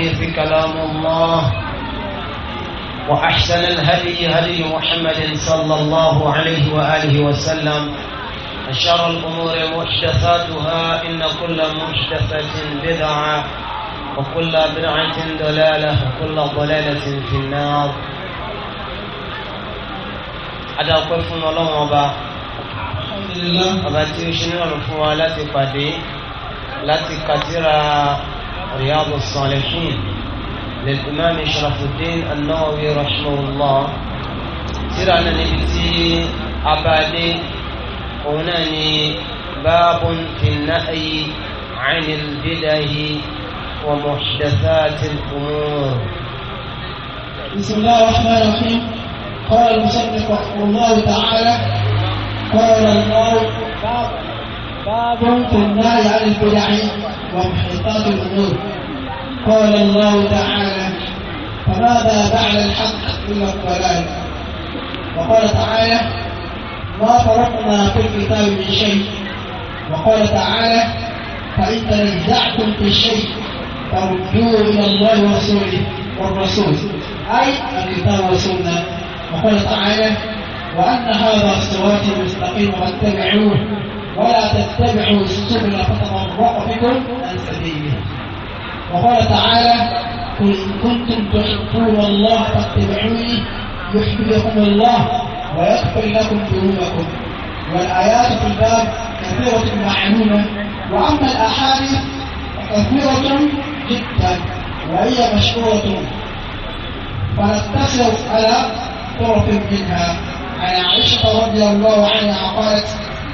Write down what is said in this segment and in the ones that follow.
الحديث كلام الله وأحسن الهدي هدي محمد صلى الله عليه وآله وسلم وشر الأمور محدثاتها إن كل محدثة بدعة وكل بدعة دلالة وكل ضلالة في النار ada ọpẹ́ fún Ọlọ́run ọba ọba tí ó ṣe nírọ̀rùn رياض الصالحين للإمام شرف الدين النووي رحمه الله ترى نبتي أبادي هناني باب في النهي عن البدع ومحدثات الأمور بسم الله الرحمن الرحيم قال المصنف رحمه الله تعالى قال الله باب باب في النهي عن البدع ومحيطات الأمور قال الله تعالى فماذا بعد الحق إلا الضلال وقال تعالى ما فرقنا في الكتاب من شيء وقال تعالى فإن تنزعتم في شيء فردوه إلى الله ورسوله والرسول أي الكتاب والسنة وقال تعالى وأن هذا صراطي مستقيم فاتبعوه ولا تتبعوا السبل فتفرق بكم عن سبيله وقال تعالى قل إن كنتم تحبون الله فاتبعوني يحببكم الله ويغفر لكم ذنوبكم والآيات في الباب كثيرة معلومة وأما الأحاديث كثيرة جدا وهي مشهورة فنقتصر على طرف منها عن عائشة رضي الله عنها قالت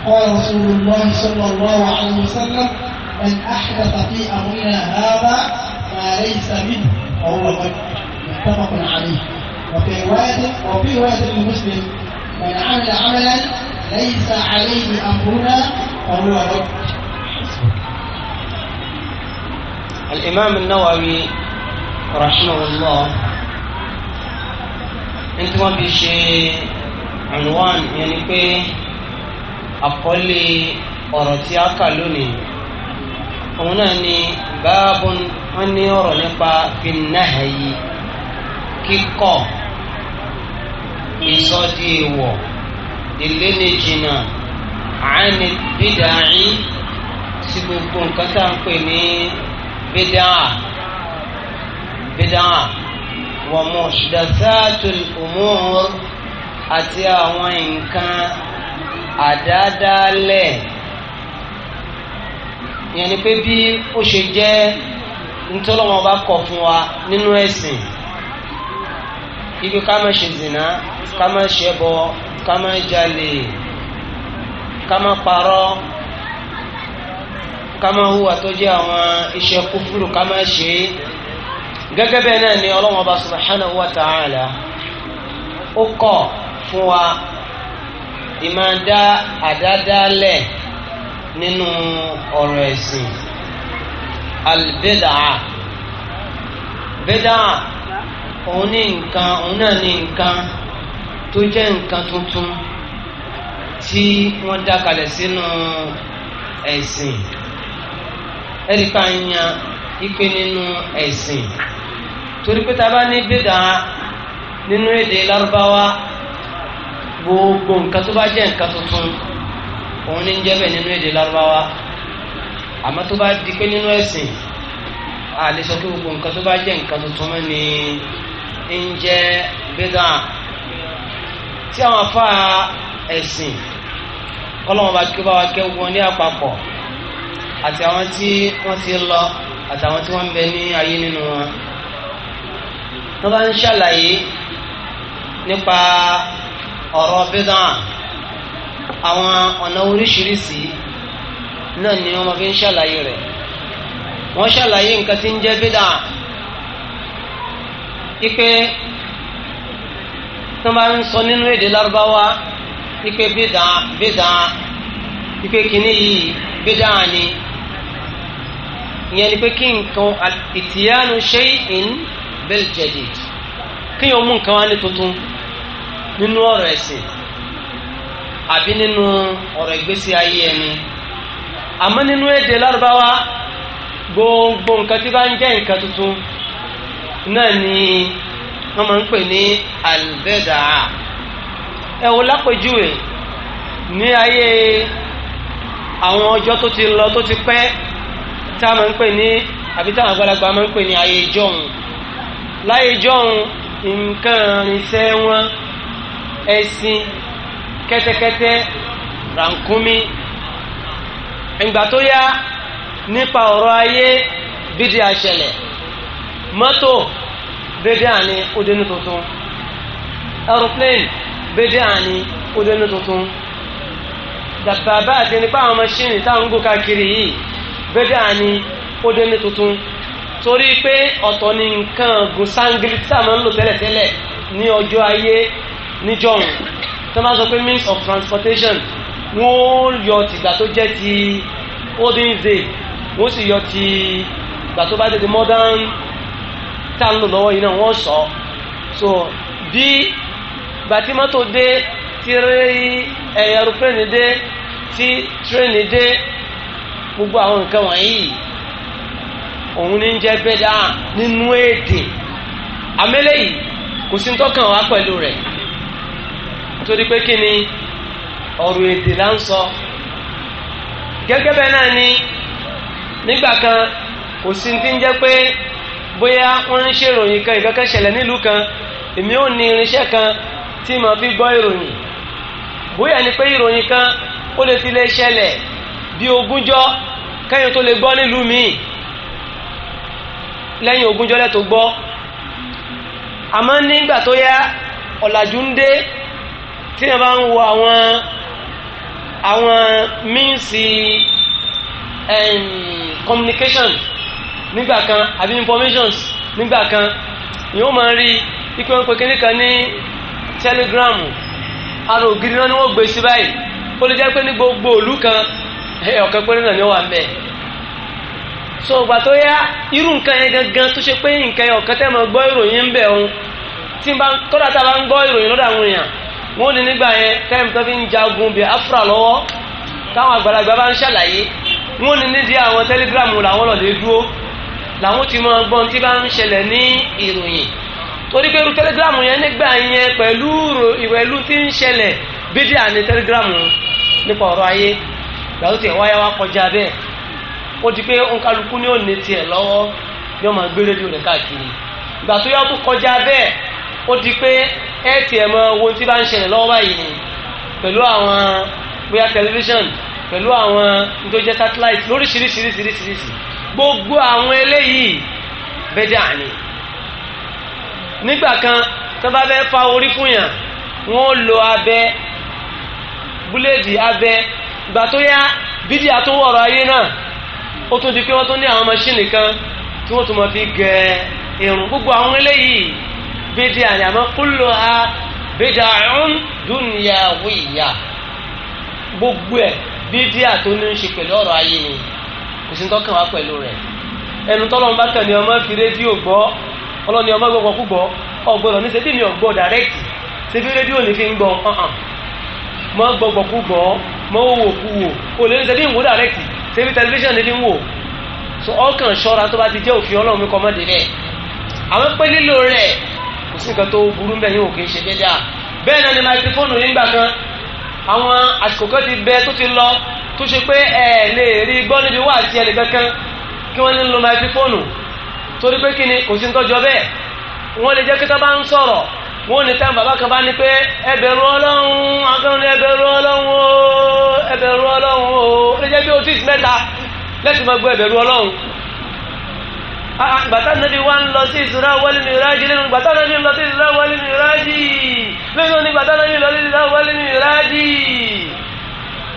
قال رسول الله صلى الله عليه وسلم من أحدث في أمرنا هذا ما ليس منه فهو قد متفق عليه وفي رواية وفي رواية لمسلم من عمل عملا ليس عليه أمرنا فهو رد الإمام النووي رحمه الله أنتم ما بيشي عنوان يعني فيه àkọlé ọ̀rọ̀ tí a kà lónìí òun náà ni báàbù wọn ní ọ̀rọ̀ nípa fìnnáhàyí kíkọ̀ ìsọdí ìwọ̀ ìlénìjìnà àánì bídàáyí sí gbogbo nǹkan tá à ń pè ní bídàá bídàá wọ̀mọ̀ṣdàtàtù umur àti àwọn nǹkan. àdáadáalẹ̀ ìyẹn ni pé bí ó ṣe jẹ́ ntọ́lọ́wọ́n bá kọ̀ fún wa nínú ẹ̀sìn ibi ká má ṣe zìnà ká má kama ká kama jalè ká má parọ́ ká má hùwà tó jẹ́ àwọn ni ọlọ́wọ́n bá subhanahu wa ta'ala ó kọ̀ fún wa. ìmáa dá àdádálẹ̀ nínú ọ̀rọ̀ ẹ̀sìn albedaa bedaa òun ní nǹkan òun náà ní nǹkan tó jẹ́ nǹkan tuntun tí wọ́n dá kalẹ̀ sínú ẹ̀sìn ká yan ipe nínú ẹ̀sìn torí pé tá bá ní bedaa nínú èdè lárúbáwá. gbogbo nǹkan tó bá jẹ́ nǹkan tuntun òun ní ń jẹ́ bẹ́ẹ̀ nínú èdè lárúbáwá àmọ́ tó bá di pé nínú ẹ̀sìn a lè sọ pé gbogbo nǹkan tó bá jẹ́ nǹkan tuntun mọ́ ni ń jẹ́ tí àwọn afá ẹ̀sìn kọ́lọ́wọ́n bá kí ó bá wa kẹ́ wọn ní àpapọ̀ àti àwọn tí wọ́n ti lọ àtàwọn tí wọ́n ń bẹ ní ayé nínú wọn tó bá ń ṣàlàyé nípa ọ̀rọ̀ bídà àwọn ọ̀nà oríṣiríṣi náà ni wọ́n fi ń ṣàlàyé rẹ̀ wọ́n ṣàlàyé nǹkan tí ń jẹ́ bídà ipe tó máa ń sọ nínú èdè lárúbáwá ipe bídà bídà ipe kìíní yìí bídà ni ìyẹn ni pé kí nǹkan ìtìyánu shay'in bil jadid kí yóò mú nǹkan wá ní tuntun nínú ọ̀rọ̀ ẹ̀sìn àbí nínú ọ̀rọ̀ ìgbésí ayé ẹni àmọ́ nínú èdè lárúbáwá gbogbo nǹkan tí bá ń jẹ́ nǹkan tuntun náà ni wọ́n máa ń pè ní albeda ẹ wo lápèjúwe ní ayé àwọn ọjọ́ tó ti lọ tó ti pẹ́ tá a máa ń pè ní àbí táwọn àgbàlagbà máa ń pè ní ayé ìjọ́un láyé ìjọ́un nǹkan irinṣẹ́ wọn ẹṣin kẹ́tẹ́kẹ́tẹ́ rànkúnmí ìgbà tó yá nípa ọ̀rọ̀ ayé bídí àṣẹlẹ̀ mọ́tò bídí àní odenu tuntun aeroplane bídí àní odenu tuntun dàbàbà àti nípa àwọn mọ́ṣíìnì táwọn ń gò káàkiri yìí bídí àní odenu tuntun torí pé ọ̀tọ̀ ni nǹkan gùn sángírí tí a máa ń lò tẹ́lẹ̀tẹ́lẹ̀ ní ọjọ́ ayé níjọ́hun tó máa sọ pé means of transportation wọ́n yọ tìgbà tó jẹ́ ti olden day wọ́n sì yọ ti ìgbà tó bá jẹ́ modern tá ń lò lọ́wọ́ yìí náà wọ́n sọ so bí bàtí mọ́tò dé tí ẹ̀yẹ̀rọ̀pẹ́ni eh, dé tí tírẹ́nì dé gbogbo àwọn nǹkan wọ̀nyí òun ní jẹ́ bẹ́dà nínú èdè àmẹ́lẹ́yìí kò sí ń tọ́kàn wá pẹ̀lú rẹ̀ nítorí pé kí ni ọ̀rọ̀ èdè là ń sọ gẹ́gẹ́ bẹ́ẹ̀ náà ni nígbà kan kò sí ti ń jẹ́ pé bóyá wọ́n ń ṣèròyìn kan ìkankan ṣẹlẹ̀ nílùú kan èmi ò ní irinṣẹ́ kan tí mo fi gbọ́ ìròyìn bóyá ni pé ìròyìn kan ó lè ti lè ṣẹlẹ̀ bí ogúnjọ́ kẹ́yìn tó lè gbọ́ nílùú míì lẹ́yìn ogúnjọ́ lẹ́tọ̀ gbọ́ àmọ́ nígbà tó yá ọ̀làjú ń dé tí wọn bá ń wo àwọn àwọn míǹsì communication nígbà kan àbí informations nígbà kan yóò máa rí ikú ẹ̀ ń kan ní telegram ara ògiri náà ni wọ́n gbé sí báyìí ó lè jẹ́ pé ní gbogbo òlú kan ọ̀kan péré náà ni so tó yá irú nǹkan yẹn gangan tó ṣe pé nǹkan tẹ́ mọ̀ gbọ́ ìròyìn ń bẹ̀ òun tí n bá wọ́n ní nígbà yẹn táìmù tó fi ń jagun Biafra lọ́wọ́ táwọn àgbàlagbà bá ń ṣàlàyé wọ́n ní nídìí àwọn tẹlifíráàmù làwọn lọ́dẹ dúró làwọn ti máa gbọ́n tí bá ń ṣẹlẹ̀ ní ìròyìn torí pé irú tẹlifíráàmù yẹn nígbà yẹn pẹ̀lú ìwẹ̀lú tí ń ṣẹlẹ̀ bídíà ní tẹlifíráàmù nípa ọ̀rọ̀ ayé gbàtó tiẹ̀ wáyá wá kọjá bẹ́ẹ̀ ó di pé òǹkálukú ni ó ní tiẹ̀ lọ́wọ́ yóò ó di pé ẹ tiẹ̀ mọ ohun tí bá ń ṣẹlẹ̀ lọ́wọ́ báyìí ni pẹ̀lú àwọn bóyá tẹlifíṣàn pẹ̀lú àwọn nítorí satellite lóríṣiríṣiríṣiríṣi gbogbo àwọn eléyìí bẹ́dẹ̀ àní nígbà kan tó bá fẹ́ fa orí fún yàn wọ́n lo abẹ búléèdì abẹ ìgbà tó yá bídí àtúwọ̀rọ̀ ayé náà ó tún di pé wọ́n tún ní àwọn maṣíìnì kan tí wọ́n tún máa fi gẹ irun gbogbo àwọn eléyìí bídíà ni àmọ́ kúlò ha bídíà ọ̀hún dúnìyàwó ìyá gbogbo ẹ̀ bídíà tó ní í ṣe pẹ̀lú ọ̀rọ̀ ayé ni kò sí tọ́kàn wá pẹ̀lú rẹ̀ ẹnu tọ́lọ́mù bá kàn ní ọmọ fi rédíò gbọ́ ọlọ́ni ọmọ gbọ́ kú gbọ́ ọgbọ́dọ̀ ní sẹ́bí mi ọgbọ́ direct sẹ́bí rédíò ní fi ń gbọ́ ọ̀hàn mọ́ gbọ́gbọ́ kú gbọ́ mọ́ wò kú wò kò lè ní sẹ́bí ìwò direct sẹ́bí tẹlifíṣàn ní fi ń so ọkàn ṣọ́ra tó bá ti jẹ́ òfin ọlọ́run mi kọ́ mọ́ délẹ̀ àwọn kò sí nǹkan tó burú bẹ́ẹ̀ yóò kì í ṣe dédé à bẹ́ẹ̀ náà ni máikrófóònù nígbà kan àwọn àsìkò kan ti bẹ tó ti lọ tó ṣe pé ẹ lè rí gbọ́ níbi wá àti ẹnì kankan kí wọ́n ní lo máikrófóònù torí pé kí ni kò nǹkan jọ bẹ́ẹ̀ wọ́n lè jẹ́ kí tá bá ń sọ̀rọ̀ wọ́n ní táwọn bàbá kan bá ní pé ẹ bẹ̀rù ọlọ́run akẹ́rù ní ẹ bẹ̀rù ọlọ́run o ẹ bẹ̀rù ọlọ́run o ó lè jẹ́ bí otis mẹ́ta lẹ́sìn máa gbọ́ ẹ bẹ̀rù ọlọ́run bàtà nàbí wà ń lọ sí ìṣúra wọlé mi rájì lẹ́nu bàtà nàbí ń lọ sí ìṣúra wọlé mi rájì lẹ́nu ní bàtà nàbí ń lọ sí ìṣúra wọlé mi rájì.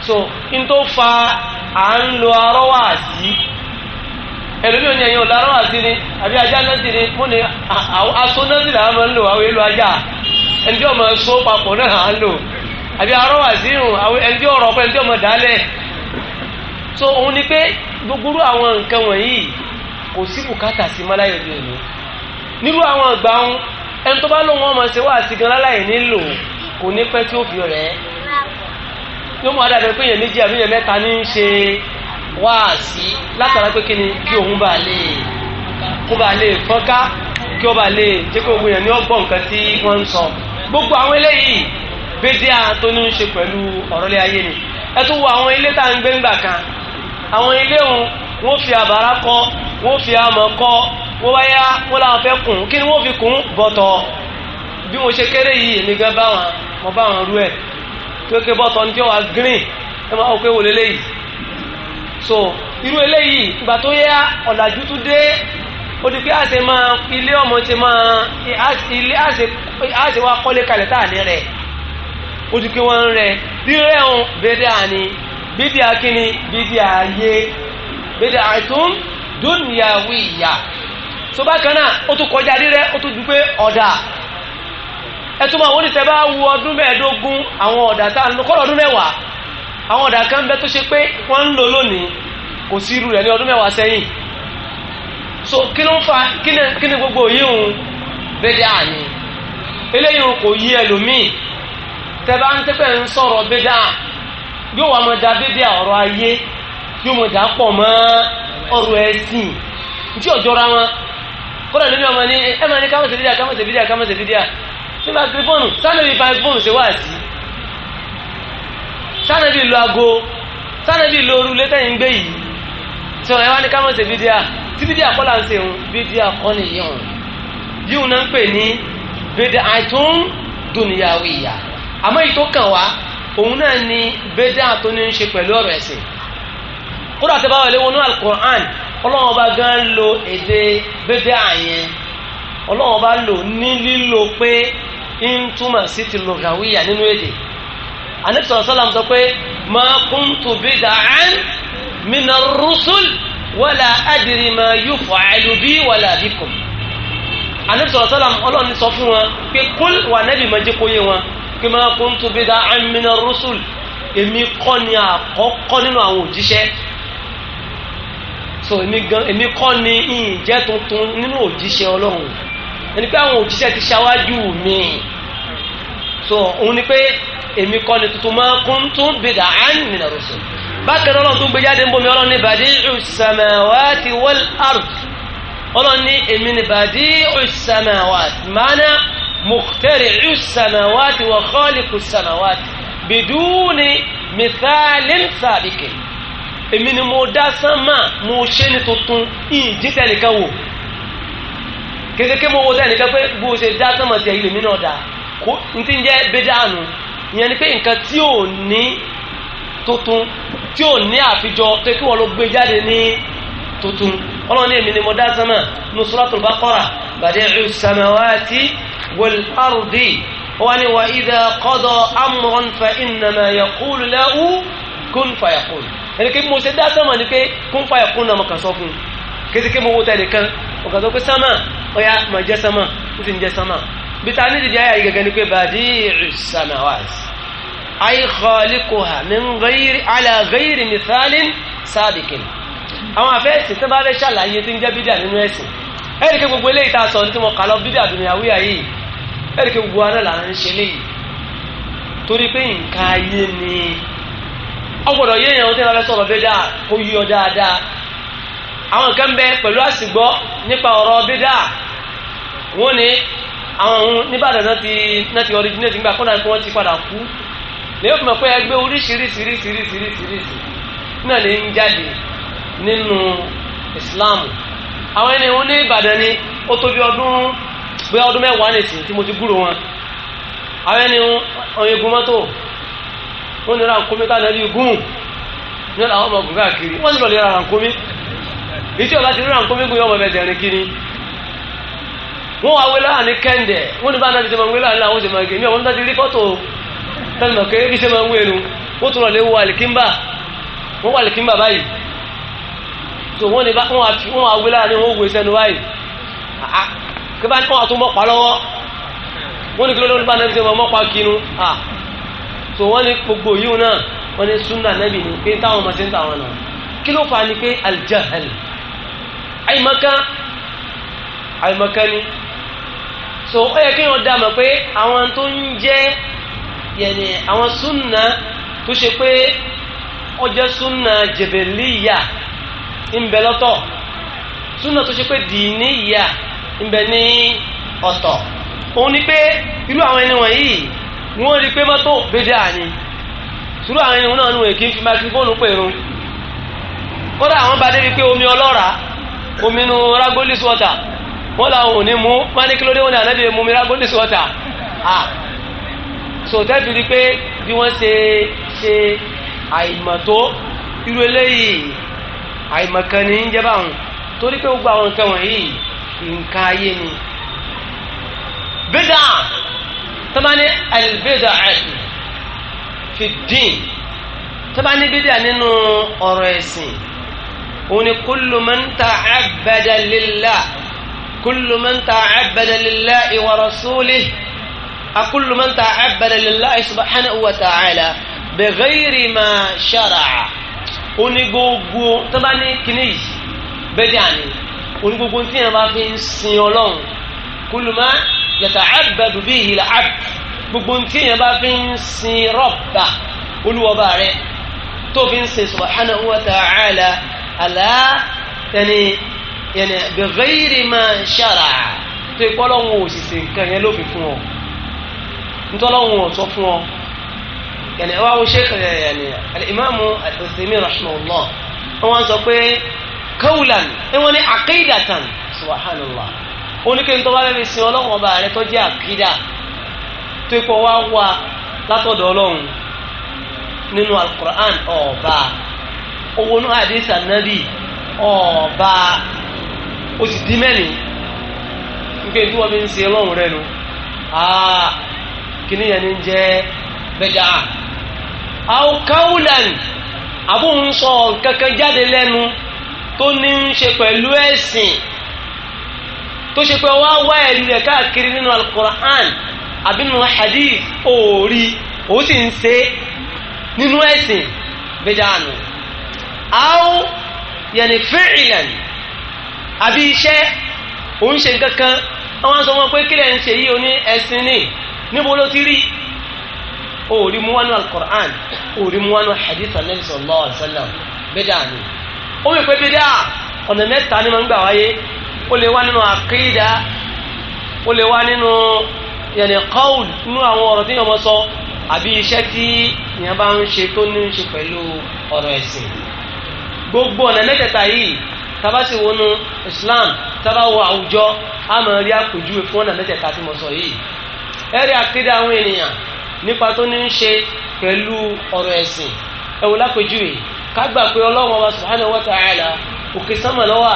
so n tó fa à ń lo arọ́wà sí ẹlòmí ò ní ẹ̀yìn ọ̀la arọ́wà sí ni àbí ajá náà sí ni mo ní aṣọ náà sì làwọn máa ń lò àwọn èlò ajá ẹni tí ọmọ ẹṣọ papọ̀ náà à ń lò àbí arọ́wà sí ẹni tí ọ̀rọ̀ ọ̀pẹ ẹni tí ọmọ dálẹ̀ so òun ni pé gbogbo àwọn nǹkan wọ̀nyí kò sí bùkátà sí máláyé òde òní nírú àwọn àgbà ń ẹni tó bá lóun ọmọ ṣe wá àti gan láláyé nílò kò ní pẹ́ tí ó fi rẹ̀ yóò mú adájọ́ pé èèyàn méjì àbí èèyàn mẹ́ta ní í ṣe wáàsí látara pé kí ni kí òun bá lè kó bá lè fọ́nká kí ó bá lè jẹ́ kó gbìyànjú ní ọgbọ́n nǹkan tí wọ́n ń sọ gbogbo àwọn eléyìí bẹ́ẹ̀ díà ní í ṣe pẹ̀lú ọ̀rọ̀lẹ́ ayé ni ẹ tó wo àwọn ilé tá à ń gbé ńgbà kan àwọn ilé òun wọ́n fi àbàrá kọ́ wọ́n fi amọ̀ kọ́ wọ́n wáyá wọ́n làwọn fẹ́ kùn kí ni wọ́n fi kùn bọ̀tọ̀ bí mo ṣe kéré yìí èmi gan bá wọn mo bá wọn rú ẹ̀ tó ké bọ̀tọ̀ ní tí wọ́n wá green ẹ máa wọ pé wò lélẹ́yìí so irú eléyìí ìgbà tó yá ọ̀làjú tún dé ó di pé a ṣe máa ilé ọmọ ṣe máa ilé a ṣe kọ́lé kalẹ̀ táà ní rẹ̀ ó di pé wọ́n ń rẹ̀ rírẹ̀ ń bẹ́ẹ̀ dáa ni bídí akíní bídí ayé bídí àìtún dúnìyàwó ìyá tó bá kan náà ó tún kọjá rírẹ́ ó tún dúpẹ́ ọ̀dà ẹtùmọ̀ àwọn oníṣẹ́ bá wu ọdún mẹ́ẹ̀ẹ́dógún àwọn ọ̀dà tá a ń lò kọ́ ọdún mẹ́wàá àwọn ọ̀dà kan bẹ tó ṣe pé wọ́n ń lò lónìí kò sí irú rẹ̀ ní ọdún mẹ́wàá sẹ́yìn so kí ló ń fa kí ni gbogbo yíhun bẹ́dẹ́ àní eléyìí kò yí ẹlòmíì tẹ́ bá ń tẹ́pẹ́ ń sọ̀rọ̀ bẹ́dẹ́ àní yóò wá mọ da dédé ọ̀rọ̀ ayé yóò mọ da pọ̀ mọ́ ọ̀rọ̀ ẹ̀sìn ní tí ọ̀jọ́ra wọn kódà lórí ọmọ ní ẹ máa ní kámọ̀sẹ̀ fídíà kámọ̀sẹ̀ fídíà kámọ̀sẹ̀ fídíà nígbà tí fóònù sánàbí fa fóònù ṣe wá sí sánàbí lo ago sánàbí lo orú létẹ́yìn gbé yìí tí ọ̀rọ̀ ẹ wá ní kámọ̀sẹ̀ fídíà tí fídíà kọ́ ń ṣe òun fídíà kọ́ nìyí náà ń pè ní bèdè àìtún dùnìyàwó ìyà àmọ́ èyí kàn wá òun náà ni bídà tó ní í ṣe pẹ̀lú ọ̀rọ̀ ẹ̀sìn kódà tó bá wọlé wọnú alukur'an ọlọ́wọ́n bá gan lo èdè bídà yẹn ọlọ́wọ́n bá lò ní lílo pé ń túmọ̀ sí ti lùgàwíyà nínú èdè anabisọ̀rọ̀ sọ́làm sọ pé ma kuntu bid'an mina rusul wala adiri ma yuf'alu bi wala bikum anabisọ̀rọ̀ sọ́làm ọlọ́ni sọ fún wọn pé kúl wà nẹ́bí ma jẹ́ kóyé wọn kí ma kuntu bid'an min ar-rusul èmi kọ́ ni àkọ́kọ́ nínú àwọn òjíṣẹ́ so èmi kọ́ ni ìjẹ́ tuntun nínú òjíṣẹ́ ọlọ́run ẹni pé àwọn òjíṣẹ́ ti ṣáwájú mi so òun ni pé èmi kọ́ ni tuntun ma kuntu bid'an min ar-rusul bákan náà ọlọ́run tó gbé jáde ń bomi ọlọ́run ní badi'us samawati wal ard ọlọ́run ní èmi ní badi'us samawati mánà. مخترع السنوات وخالق السنوات بدون مثال سابق èmi ni mo dá sánmà mo ṣe ní tuntun ìdí tẹnìkan wò kékeré mo wo tẹnìkan pé bó ṣe dá sánmà tiẹ̀ ilé mi náà dá kó n ti jẹ́ bédàánù ìyẹn ni pé nǹkan tí ò ní tuntun tí ò ní àfijọ tó kí wọ́n ló gbé jáde ní tuntun ọlọ́run ní èmi ni mo dá sánmà nusratul baqara badi'us samawati. والأرض وأن وإذا قضى أمرا فإنما يقول له كن فيقول ẹni kí mo ṣe dá sọ́mọ̀ ni pé kún fàyà kún náà mo kàn sọ fún un kéde kí mo wo tẹ̀lé kan mo kàn sọ pé sọ́mọ̀ ọ̀yà mà jẹ́ sọ́mọ̀ ó sì ń jẹ́ sọ́mọ̀ bí ta ní dìde ayà yìí gẹ́gẹ́ ni pé badi'u samawat ay khaliquha min ghayri ala ghayri mithalin sabiqin àwọn afẹ́sìn tó bá fẹ́ ṣàlàyé tí ń jẹ́ bídà nínú ẹ̀sìn ẹ̀ríkẹ́ gbogbo eléyìí tá a sọ ní tí wọ́n kà lọ bídà dùnìyàwóyà yìí ẹ̀ríkẹ́ gbogbo aná là ń ṣe léyìí torí pé nǹkan ayé ni ọgbọ̀dọ̀ sọ̀rọ̀ bídà kó yí ọ dáadáa àwọn nǹkan bẹ pẹ̀lú àsìgbọ́ nípa ọ̀rọ̀ bídà wọ́n ní àwọn ohun níbàdàn náà ti náà ti originate nígbà kọ́ńdà ni wọ́n ti padà kú lè fi àwọn ẹni òun ní ìbàdàn ni ó tó bí ọdún bí ọdún mẹ́wàá nìsín tí mo ti gúrò wọn àwọn ẹni ọ̀yìn egun mọ́tò wọ́n ní ránkómi tá nàbí gún ní àwọn ọmọ ògùn káàkiri wọ́n ní lọ́lẹ́ ránkómi ìtí ti rí ránkómi gún kiri so wọ́n ní bá wọ́n á fi wọ́n á wí láàrin wọ́n wò sẹ́nu báyìí ah, kí bá ní wọ́n á tún mọ́pa lọ́wọ́ wọ́n ní kí ló ló ń bá nàbí sẹ́wọ̀n mọ́pa kinu ah, so wọ́n ní gbogbo yìí náà wọ́n ní sunna nàbí ni pé táwọn ọmọ sí ń tàwọn náà kí ló fà á ni pé aljahal àyìmọ́ká àyìmọ́ká ni so ó yẹ kí wọ́n dá mọ̀ pé àwọn tó ń jẹ́ yẹ̀ni àwọn sunna tó ṣe pé ó jẹ́ sunna ńbẹ lọ́tọ̀ súnà tó ṣe pé dìní ìyá ńbẹ ní ọ̀tọ̀ òun ni pé irú àwọn ẹni wọ̀nyí wọ́n rí pé mọ́tò bédè àní sùúrù àwọn ẹni wọn náà nù èké fi máikrófóònù pèrún kódà àwọn bá débi pé omi ọlọ́ra omi nu ragolis water wọ́n làwọn ò ní mú wọ́n ní kí ló dé wọ́n ní mi ragolis water ah sòtẹ́ẹ̀fì rí pé bí wọ́n ṣe ṣe àìmọ̀tó irú eléyìí àìmọ̀kan ní ń jẹ́ báwọn torí pé gbogbo àwọn nǹkan wọ̀nyí nǹkan ayé ni. bídà tọ́ba ní àlùbídà àti fìdín tọ́ba ní bídà nínú ọ̀rọ̀ ẹ̀sìn òun ni kullu man ta'abbada lillah kullu man ta'abbada lillahi wa rasulihi akullu man ta'abbada oní gbogbo tó bá ní kíní yìí bẹ́dẹ̀ àní oní gbogbo tí yẹn bá fi ń sin ọlọ́run kullu ma yata'abbadu bihi al-'abd gbogbo tí yẹn bá fi ń sin rọ́bà olúwọba rẹ tó fi ń sin subhanahu wa ta'ala àlá yẹni yẹni bi ma shara'a tó ikọ́ lọ́wọ́ òṣìṣẹ́ nǹkan yẹn ló fi fún ọ ntọ́lọ́wọ́ sọ fún ọ yẹni ẹ wá wo sheikh yẹni alimami al-Uthaymin rahimahullah wọn sọ pé kawulan wọn ni akidatan subhanallah oníkéńtọ́ bá lẹ́nu sin ọlọ́run ọba rẹ tó jẹ́ àkídà tó ikọ̀ wá wà látọ̀dọ̀ ọlọ́run nínú alukur'an ọba owó nù hadith anabi ọba ó sì dín mẹ́rin nígbà tí wọ́n fi ń sin ọlọ́run rẹ nu kí ni yẹn ń jẹ́ bẹ́dà àwọn kaulan àbóhùn sọ kankan jáde lẹ́nu tó ní ń ṣe pẹ̀lú ẹ̀sìn tó ṣe pé wá wá ẹ̀rí rẹ̀ káàkiri nínú alukur'an àbí nínú hadith òòrí ó sì ń ṣe nínú ẹ̀sìn bẹ́jà àná àwọn yẹn fi'lan àbí iṣẹ́ òun ṣe kankan àwọn sọ wọn pé kílẹ̀ ń ṣe yí oní ẹ̀sìn ni níbo ló ti rí òòrí mú wánú alukur'an òòrí mú wánú hadith anabi sallallahu alayhi wa sallam bídà ni ó wípé bídà ọ̀nà mẹ́ta ni wọ́n gbà wáyé ó lè wá nínú àkídà ó lè wá nínú yẹnì qawl nínú àwọn ọ̀rọ̀ tí yẹn mọ sọ àbí iṣẹ́ tí yẹn bá ń ṣe tó ní ṣe pẹ̀lú ọ̀rọ̀ ẹ̀sìn gbogbo ọ̀nà mẹ́tẹ̀ẹ̀ta yìí tábà sì wọnú Islam tábà wọ àwùjọ àmọ́ rí àpèjúwe fún ọ̀nà mẹ́tẹ̀ẹ̀ta tí mo sọ yìí ẹ̀rí àkídà àwọn ènìyàn nípa tó ní ń ṣe pẹ̀lú ọ̀rọ̀ ẹ̀sìn ẹ̀wò lápèjúwe ká gbà pé ọlọ́run ọba subhanahu wa ta'ala òkè sánmà lọ́wọ́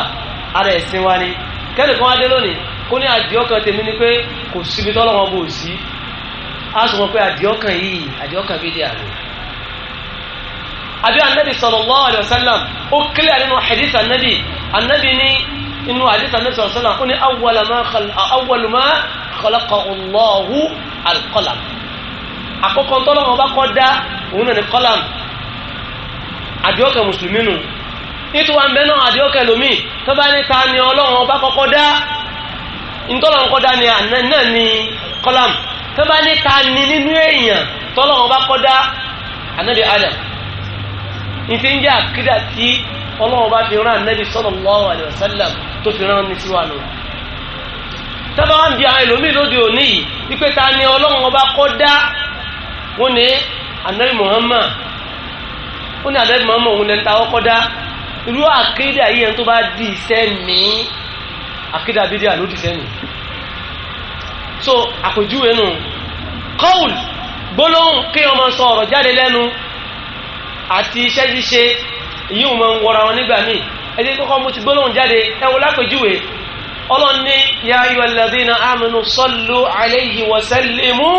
ara ẹ̀sìn wa ni kẹ́lì kan wá dé lónìí kó ní àdìọ́kàn tèmi ni pé kò síbi tọ́lọ́run ọba ò sí á sọ wọn pé àdìọ́kàn yìí àdìọ́kàn bíi dìá ni. àbí anabi sallallahu alayhi wa sallam ó kílẹ̀ nínú hadith anabi anabi ní inú hadith anabi sallallahu alayhi ó ní awwalama khalaqa Allahu àkọ́kọ́ tọ́lọ́wọ́n bá kọ́ dá òun náà ní kọ́làm àdìọ́kẹ́ mùsùlùmí nù nítorí wọn bẹ́ẹ̀ náà àdìọ́kẹ́ lomi tó bá ní ta ni ọlọ́wọ́n bá kọ́kọ́ dá ntọ́lọ́wọ́n kọ́ dá ni náà ní kọ́làm tó bá ní ta ni nínú èèyàn tọ́lọ́wọ́n bá kọ́ dá anabi adam nti ń jẹ́ àkídà tí ọlọ́wọ́n bá fi rán anabi sallallahu alaihi wasallam tó fi rán ní síwá lọ tọ́lọ́wọ́n bí àwọn lóde òní yìí wípé ta ni bá kọ́ dá wọ́n ní anabi muhammad wọ́n ní anabi muhammad òun lẹ́nu tá a kọ́kọ́ dá irú àkídà yìí ẹni tó bá di iṣẹ́ mi àkídà bídíà ló di iṣẹ́ mi so àpèjúwe nù kọ́ọ̀lù gbólóhùn kí ọmọ sọ ọ̀rọ̀ jáde lẹ́nu àti iṣẹ́ ṣíṣe èyí ò máa ń wọra wọn nígbà míì ẹni kọ́kọ́ mo ti gbólóhùn jáde ẹ lápèjúwe ọlọ́ni ya ayyuhal ladhina amanu sallu alayhi wa sallimu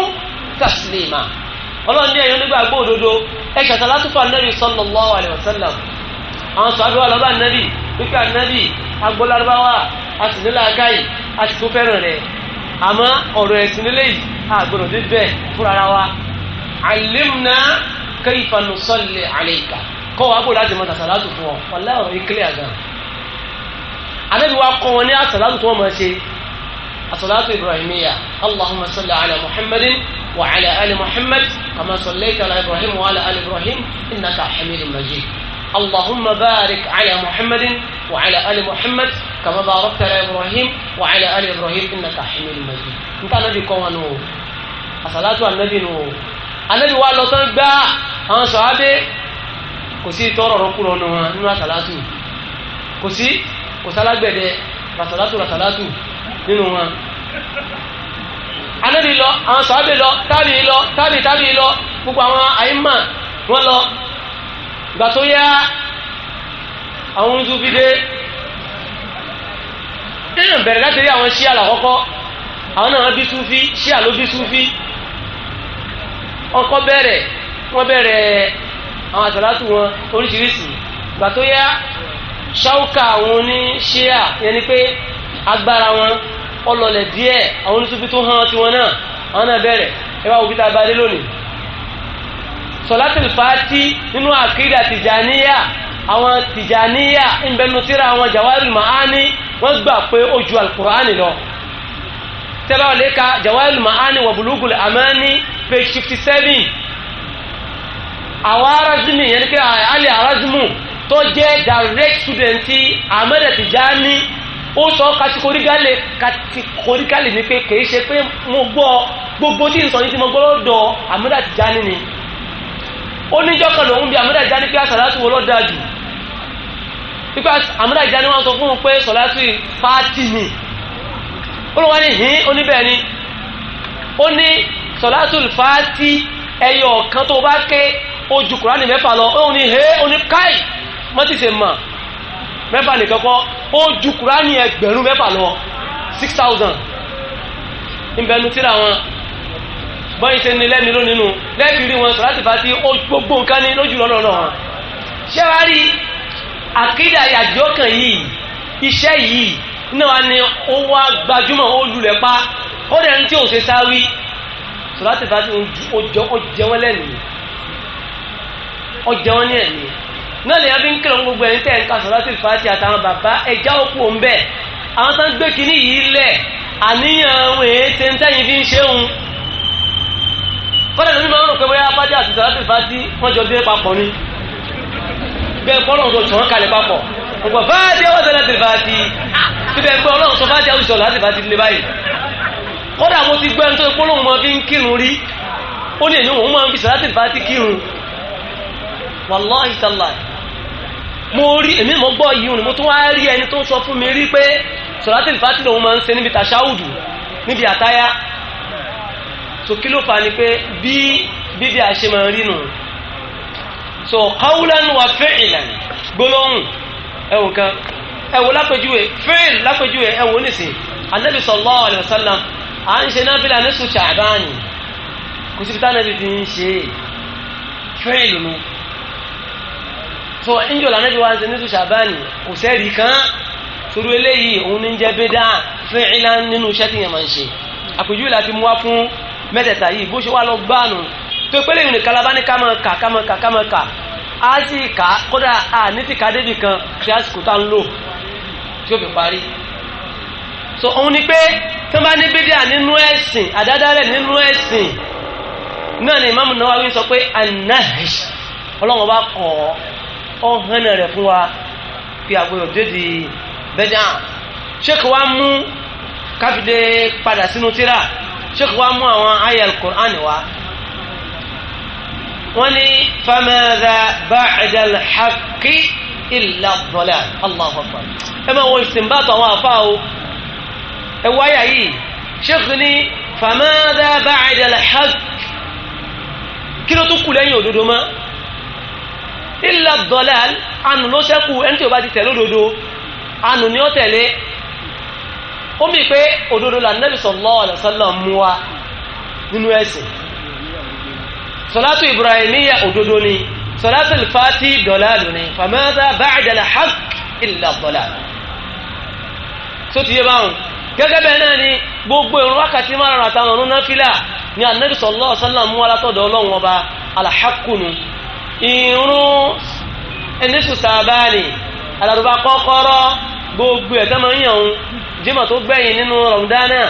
ọlọ́run ní ẹ̀yọ́ nígbàgbọ́ òdodo ẹ ṣàtà látúfà nẹ́bí sallallahu alaihi wasallam àwọn sọ̀rọ̀ wà lọ́ba nẹ́bí pípẹ́ nẹ́bí agbọ́lárúbáwá a sì nílẹ̀ agáyì a sì tó fẹ́ràn rẹ̀ àmọ́ ọ̀rọ̀ ẹ̀sìn nílẹ̀ yìí àgbọ̀dọ̀ débẹ̀ fúnra ara wa alimna kayfa nusalli alayka kọ́ wa gbọ́dọ̀ àti mọ́ta sàlátù fún الصلاة الإبراهيمية اللهم صل على محمد وعلى آل محمد كما صليت على إبراهيم وعلى آل إبراهيم إنك حميد مجيد اللهم بارك على محمد وعلى آل محمد كما باركت على إبراهيم وعلى آل إبراهيم إنك حميد مجيد أنت النبي كون الصلاة النبي نو النبي والله تنبا أنا صحابي kò sí tọrọ ọ̀rọ̀ kúrò ọ̀nà wọn nínú àsàlátù kò sí kò nínú wọn. anábì lọ àwọn sàábì lọ tábì lọ tábì tábì lọ gbogbo àwọn àyímà wọn lọ ìgbà tó yá àwọn oúnjẹ fi dé nínú bẹ̀rẹ̀ láti rí àwọn ṣíà làkọ́kọ́ àwọn náà bí súfí ṣíà ló bí súfí ọkọ bẹ̀rẹ̀ wọ́n bẹ̀rẹ̀ àwọn àtàlátù wọn oríṣiríṣi ìgbà tó yá ṣáúkà àwọn oní yẹn ni pé agbára wọn ọlọlẹ díẹ̀ àwọn oníṣòfin tó hàn tiwọn náà àwọn náà bẹ̀rẹ̀ ẹ wá òbí tá a bá dé lónìí. sọlátìlì fàátì nínú àkídà tìjàníyà àwọn tìjàníyà ìbẹnutira àwọn jawari ma'ani wọn gbà pé ó ju alukur'ani lọ. tẹ́lá ọ̀lẹ́ka jawari ma'ani wà bulugul amani page fifty seven. àwọn arazimi yẹn ni pé ali arazimu tó jẹ́ direct student ti Ahmed Tijani ó sọ kàtìkórígálè kàtìkórígálè ni pé kìí ṣe pé mo gbọ́ gbogbo tí n sọ ní tí mo gbọ́ lọ́dọ̀ Ahmada Tijani ni ó níjọ́ kan lòun bí Ahmada Tijani pé àsàlátù wo lọ́dà jù pípẹ́ Ahmada Tijani wọn sọ fún un pé sọ̀látù fáàtì ni ó lọ́wọ́ ní hín oníbẹ̀ ni ó ní sọ̀látù fáàtì ẹyọ kan tó bá ké ojú Kùránì mẹ́fà lọ ó ní hé ó ní káì mẹ́fà nìkan kọ́ ó ju kùránì ẹgbẹ̀rún mẹ́fà lọ six thousand ìbẹ̀nu tíra wọn bọ́yìn ṣe ní lẹ́mi lónìí nù lẹ́bi rí wọn sọ̀rọ̀ àti fàtí ó gbogbo nǹkan ní lójú lọ́nà náà wọn. ṣé wàá rí àkídà àjọkàn yìí iṣẹ́ yìí náà ni ó wá gbajúmọ̀ ó lulẹ̀ pa ó dẹ̀ ní tí ò ṣe sáwí sọ̀rọ̀ náà lèyàn fi ń kírun gbogbo ẹni tẹ́ ń ka sọ̀rọ̀ sí fàájì àtàwọn bàbá ẹja òkú òun bẹ́ẹ̀ àwọn tó ń gbé kínní yìí lẹ̀ àníyàn òun èyí ṣe ń tẹ́yìn fi ń ṣe òun. fọ́nrán lómi máa ń rò pé bóyá fàájì àti sọ̀rọ̀ sí fàájì wọ́n jọ gbé papọ̀ ni bẹ́ẹ̀ kọ́ lọ́run tó tàn án kalẹ̀ papọ̀ gbogbo fàájì ọwọ́ sọ̀rọ̀ sí fàájì síbẹ̀ gbọ́ ọlọ́run sọ fàájì àwùjọ láti fàájì lè báyìí kódà mo ti gbẹ́ sàlàyé mo rí èmi mọ́ gbọ́ yìí mo tún wá rí ẹni tó sọ fún mi rí pé sọ̀rọ̀tìlì fàtí lòun máa ń ṣe níbi tàṣáwùdù níbi àtáyá so kí ló fà ní pé bí bíbí a ṣe máa rí so qawlan wa fi'lan gbólóhùn ẹwò kan ẹwò lápẹjúwe fi'l lápẹjúwe ẹwò nìsín anabi sallallahu sallam à ń ṣe náfìlà ní sùn ṣàbáàní so níjọ́ lànà bí wà ń ṣe ní sùsà báyìí kò sẹ́ẹ̀rì kan sórí eléyìí òun ní jẹ́ bídà fún ìlà nínú iṣẹ́ tí yẹn máa ń ṣe àpèjúwe láti mú wá fún mẹ́tẹ̀ẹ̀ta yìí bó ṣe wá lọ gbáànù tó pélé ìrìn kalaba ni ká máa kà ká máa kà ká máa kà á sì kà kódà á ní ti ká débì kan tí àsìkò tá ń lò tí ó fi parí so òun ni pé tó bá ní bídà nínú ẹ̀sìn àdádálẹ̀ nínú ẹ̀sìn náà ni Imam Nawawi sọ pé anahish ọlọ́run bá kọ̀ ọ́ ọ̀hánà rẹ̀ fún wa pé àgbọ̀dọ̀ dédì bẹ́dà ṣéèkì wa mú káfíńdé padà sínú tíra ṣéèkì wa mú àwọn ayé alukur'an wa wọ́n ní famadà ba'da al-haqqi illa ad-dalal Allahu akbar ẹ máa wọ ìsìnbàtọ̀ àwọn àfa o ẹ wáyà yìí ṣéèkì ní famadà ba'da al kí ló tún kù lẹ́yìn òdodo mọ́ illa dalal ànù ló ṣẹ́kù ẹni tí o bá ti tẹ̀lé òdodo ànù ni ó tẹ̀lé ó mì pé òdodo là Nabi sallallahu alaihi wasallam mú wa nínú ẹ̀sìn salatu ibrahimiyya òdodo ni salatu fati dalalu ni famadha ba'da al-haqq illa dalal tó ni gbogbo ìrun wákàtí márùn mú wa látọ̀dọ̀ Ọlọ́run ọba alahakunu irun ẹnìṣù sàbáàlì alárùbá kọ́kọ́rọ́ gbogbo ẹ̀tọ́ máa ń yàn ń jímọ̀ tó gbẹ̀yìn nínú rọ̀mùdánà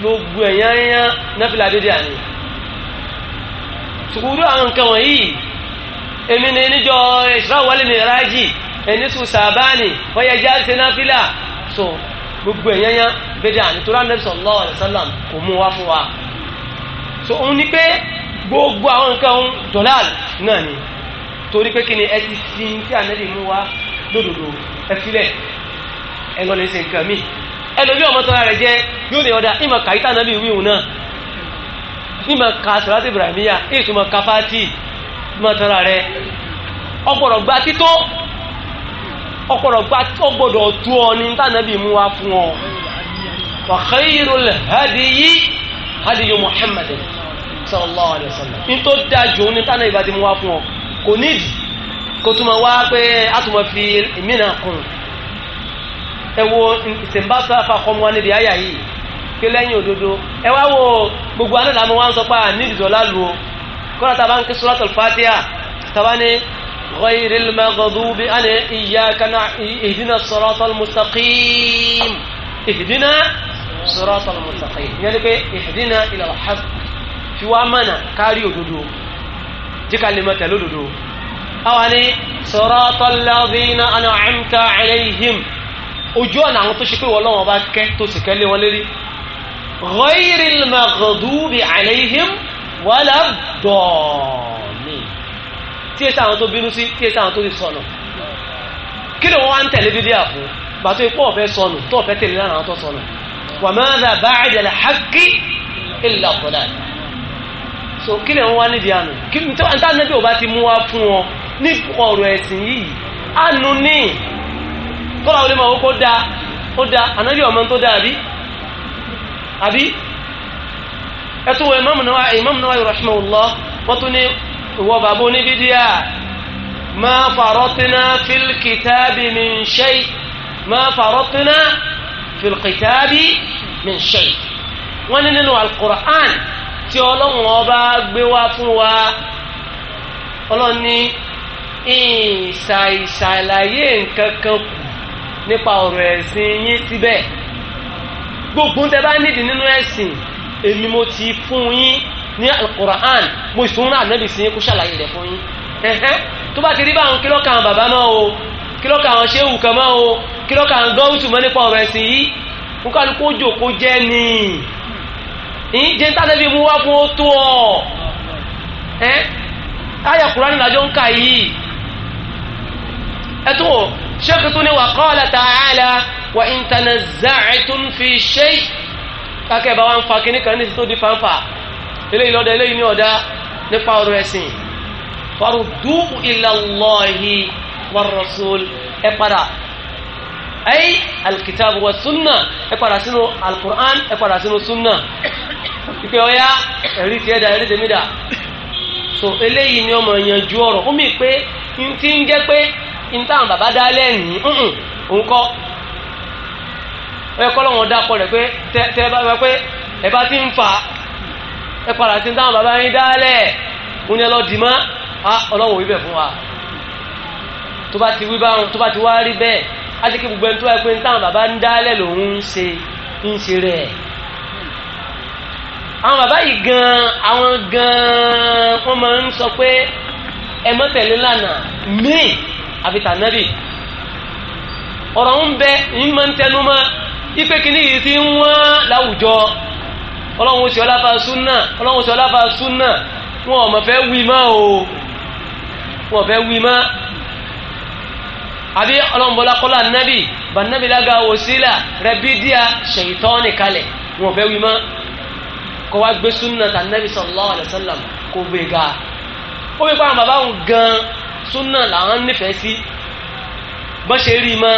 gbogbo ẹ̀yányán náfìlà dídí àná ṣùgbọ́n àwọn nǹkan wọ̀nyí èmi ni níjọ Isra wal Miraj ẹnìṣù sàbáàlì wọ́n yẹ já ṣe náfìlà so gbogbo ẹ̀yányán bẹ́dẹ̀ àná tó ránà sallallahu alaihi wasallam kò mú wá fún torí pé kí ni ẹ ti sin tí ànábì mú wá lódodo ẹ filẹ̀ ẹ lọ lè sin nǹkan mi ẹlòmí ọmọ tọ́ra rẹ̀ jẹ́ yóò lè ọ̀dà ìmọ̀ kàyí tànábì wíhùn náà ìmọ̀ ka sọ̀rọ̀tì ibrahimiya èyí tó mọ̀ ka fáàtì ìmọ̀ tọ́ra rẹ̀ ọgbọ̀dọ̀ gba tító ọgbọ̀dọ̀ gba ọgbọ̀dọ̀ tú ọ ní tànábì mú wá fún ọ wa khayrul hadiyi hadiyu muhammadin sallallahu alayhi wa sallam ní tó dáa jù ní tànábì bá ti mú wá fún ọ kò nídìí kó tún ma wá pé a tún ma fi mìíràn kùn ẹ wo ìsìnbáṣọ afakọmọ wa níbi àyà yìí pé lẹ́yìn òdodo ẹ wá wo gbogbo àná làwọn wá ń sọ pé à nídìí dọ̀là lu o kọ́ra tá a bá ń ké suratul fatiha tá a ní ghayril maghdubi àná iyyaka ihdina siratal mustaqim ihdina yẹn ni pé ihdina ila al fi wá mọ̀nà kárí òdodo jíkà lè mọ̀ tẹ̀lé òdodo àwa ni siratal ladhina an'amta alayhim ojú ọ̀nà àwọn tó ṣe pé wọ́n lọ́wọ́ bá kẹ́ tó sì kẹ́ lé wọn lérí ghayril maghdubi alayhim wala dọ̀ọ̀mì tí èsì àwọn tó bínú sí tí èsì àwọn tó sọnù kí ló wọ́n wá ń tẹ̀lé dídí àfún bàtó ikú ọ̀fẹ́ sọnù tó ọ̀fẹ́ tẹ̀lé lára tó sọnù wa ma ba'da al so kí lè ń wá níbi àná kí ntánẹ́bí ò bá ti mú wá fún ọ ní ọ̀rọ̀ ẹ̀sìn yìí àánú ní kọ́lá olè máa kó da ó da ànábì ọmọ tó da àbí àbí ẹtù wọ Imam Nawawi Imam Nawawi rahimahullah wọ́n tún ní ìwọ bàbá oníbídíà ma faratna fil kitabi min shay ma faratna fil kitabi min shay wọ́n ní nínú al-Qur'an tí ọlọ́run ọba gbé wá fún wa ọlọ́run ní ìṣà ìṣàlàyé nǹkan kan kù nípa ọ̀rọ̀ ẹ̀sìn yín síbẹ̀ gbogbo tẹ bá nídìí nínú ẹ̀sìn èmi mo ti fún yín ní alukur'an mo ìsúnra ànábì sí yín kó ṣàlàyé rẹ̀ fún yín tó bá ti rí báwọn kílọ̀ kan bàbá náà o kílọ̀ àwọn ṣéwù kan mọ́ o kílọ̀ kan gọ́ọ̀tù mọ́ nípa ọ̀rọ̀ ẹ̀sìn yìí nǹkan kó jẹ́ nìyí ìjẹ́ tánàbí mú wá fún ó tó ọ̀ ẹ́ ayà kùránì làjọ ń kà yìí ẹ tó wò ṣéèkì tó ní wa qala ta'ala wa in tanaza'tum fi shay kákẹ́ bá wa ń fa kínní kan níṣẹ́ tó di fanfa eléyìí lọ́dọ̀ eléyìí ní ọ̀dá nípa ọ̀rọ̀ ẹ̀sìn faruddu ila Allahi war rasul ẹ padà ay alkitabu wa sunna ẹ padà sínú alquran ẹ sunna ìpè ọ̀yá ẹ̀rí tiẹ̀ dà ẹ̀rí tèmi dà so eléyìí ni ọmọ yanjú ọ̀rọ̀ ó mì pé n ti ń jẹ́ pé n táwọn bàbá dá lẹ́yìn òun kọ́ ẹ kọ́ lọ́wọ́n dá pọ̀ rẹ̀ pé tẹ́ ẹ bá wẹ pé ẹ bá ti ń fà ẹ padà sí táwọn bàbá yín dá lẹ̀ òun ni ẹ lọ́ọ́ dì mọ́ ọlọ́wọ́ wí bẹ̀ fún wa tó bá ti wí báwọn tó bá ti wá rí bẹ́ẹ̀ á ti kí gbogbo ẹni tó wáyé pé táwọn bàbá ń dá lẹ̀ lòun ń ṣe ń ṣe rẹ̀ àwọn bàbá yìí gan àwọn gan wọ́n máa ń sọ pé ẹ má tẹ̀lé lánàá míì àfi tànàbì ọ̀rọ̀ ń bẹ ń máa ń tẹnu mọ́ ipe kìíní yìí ti ń wọ́n láwùjọ ọlọ́run oṣù ọlábà súnà ọlọ́run oṣù ọlábà súnà wọn ò mọ̀ fẹ́ wí mọ́ o wọn ò fẹ́ wí mọ́ àbí ọlọ́run bọ́lá kọ́lá nábì bànábì lága wòsílà rẹ̀bídíà ṣèyítọ́ọ̀nì kalẹ̀ wọn ò fẹ́ wí mọ́ kó wá gbé súnà tà nẹ́bí sallallahu alaihi wasallam kó gbé e ga ó wípé àwọn bàbá òun gan súnà làwọn nífẹ̀ẹ́ sí bọ́n ṣe rí mọ́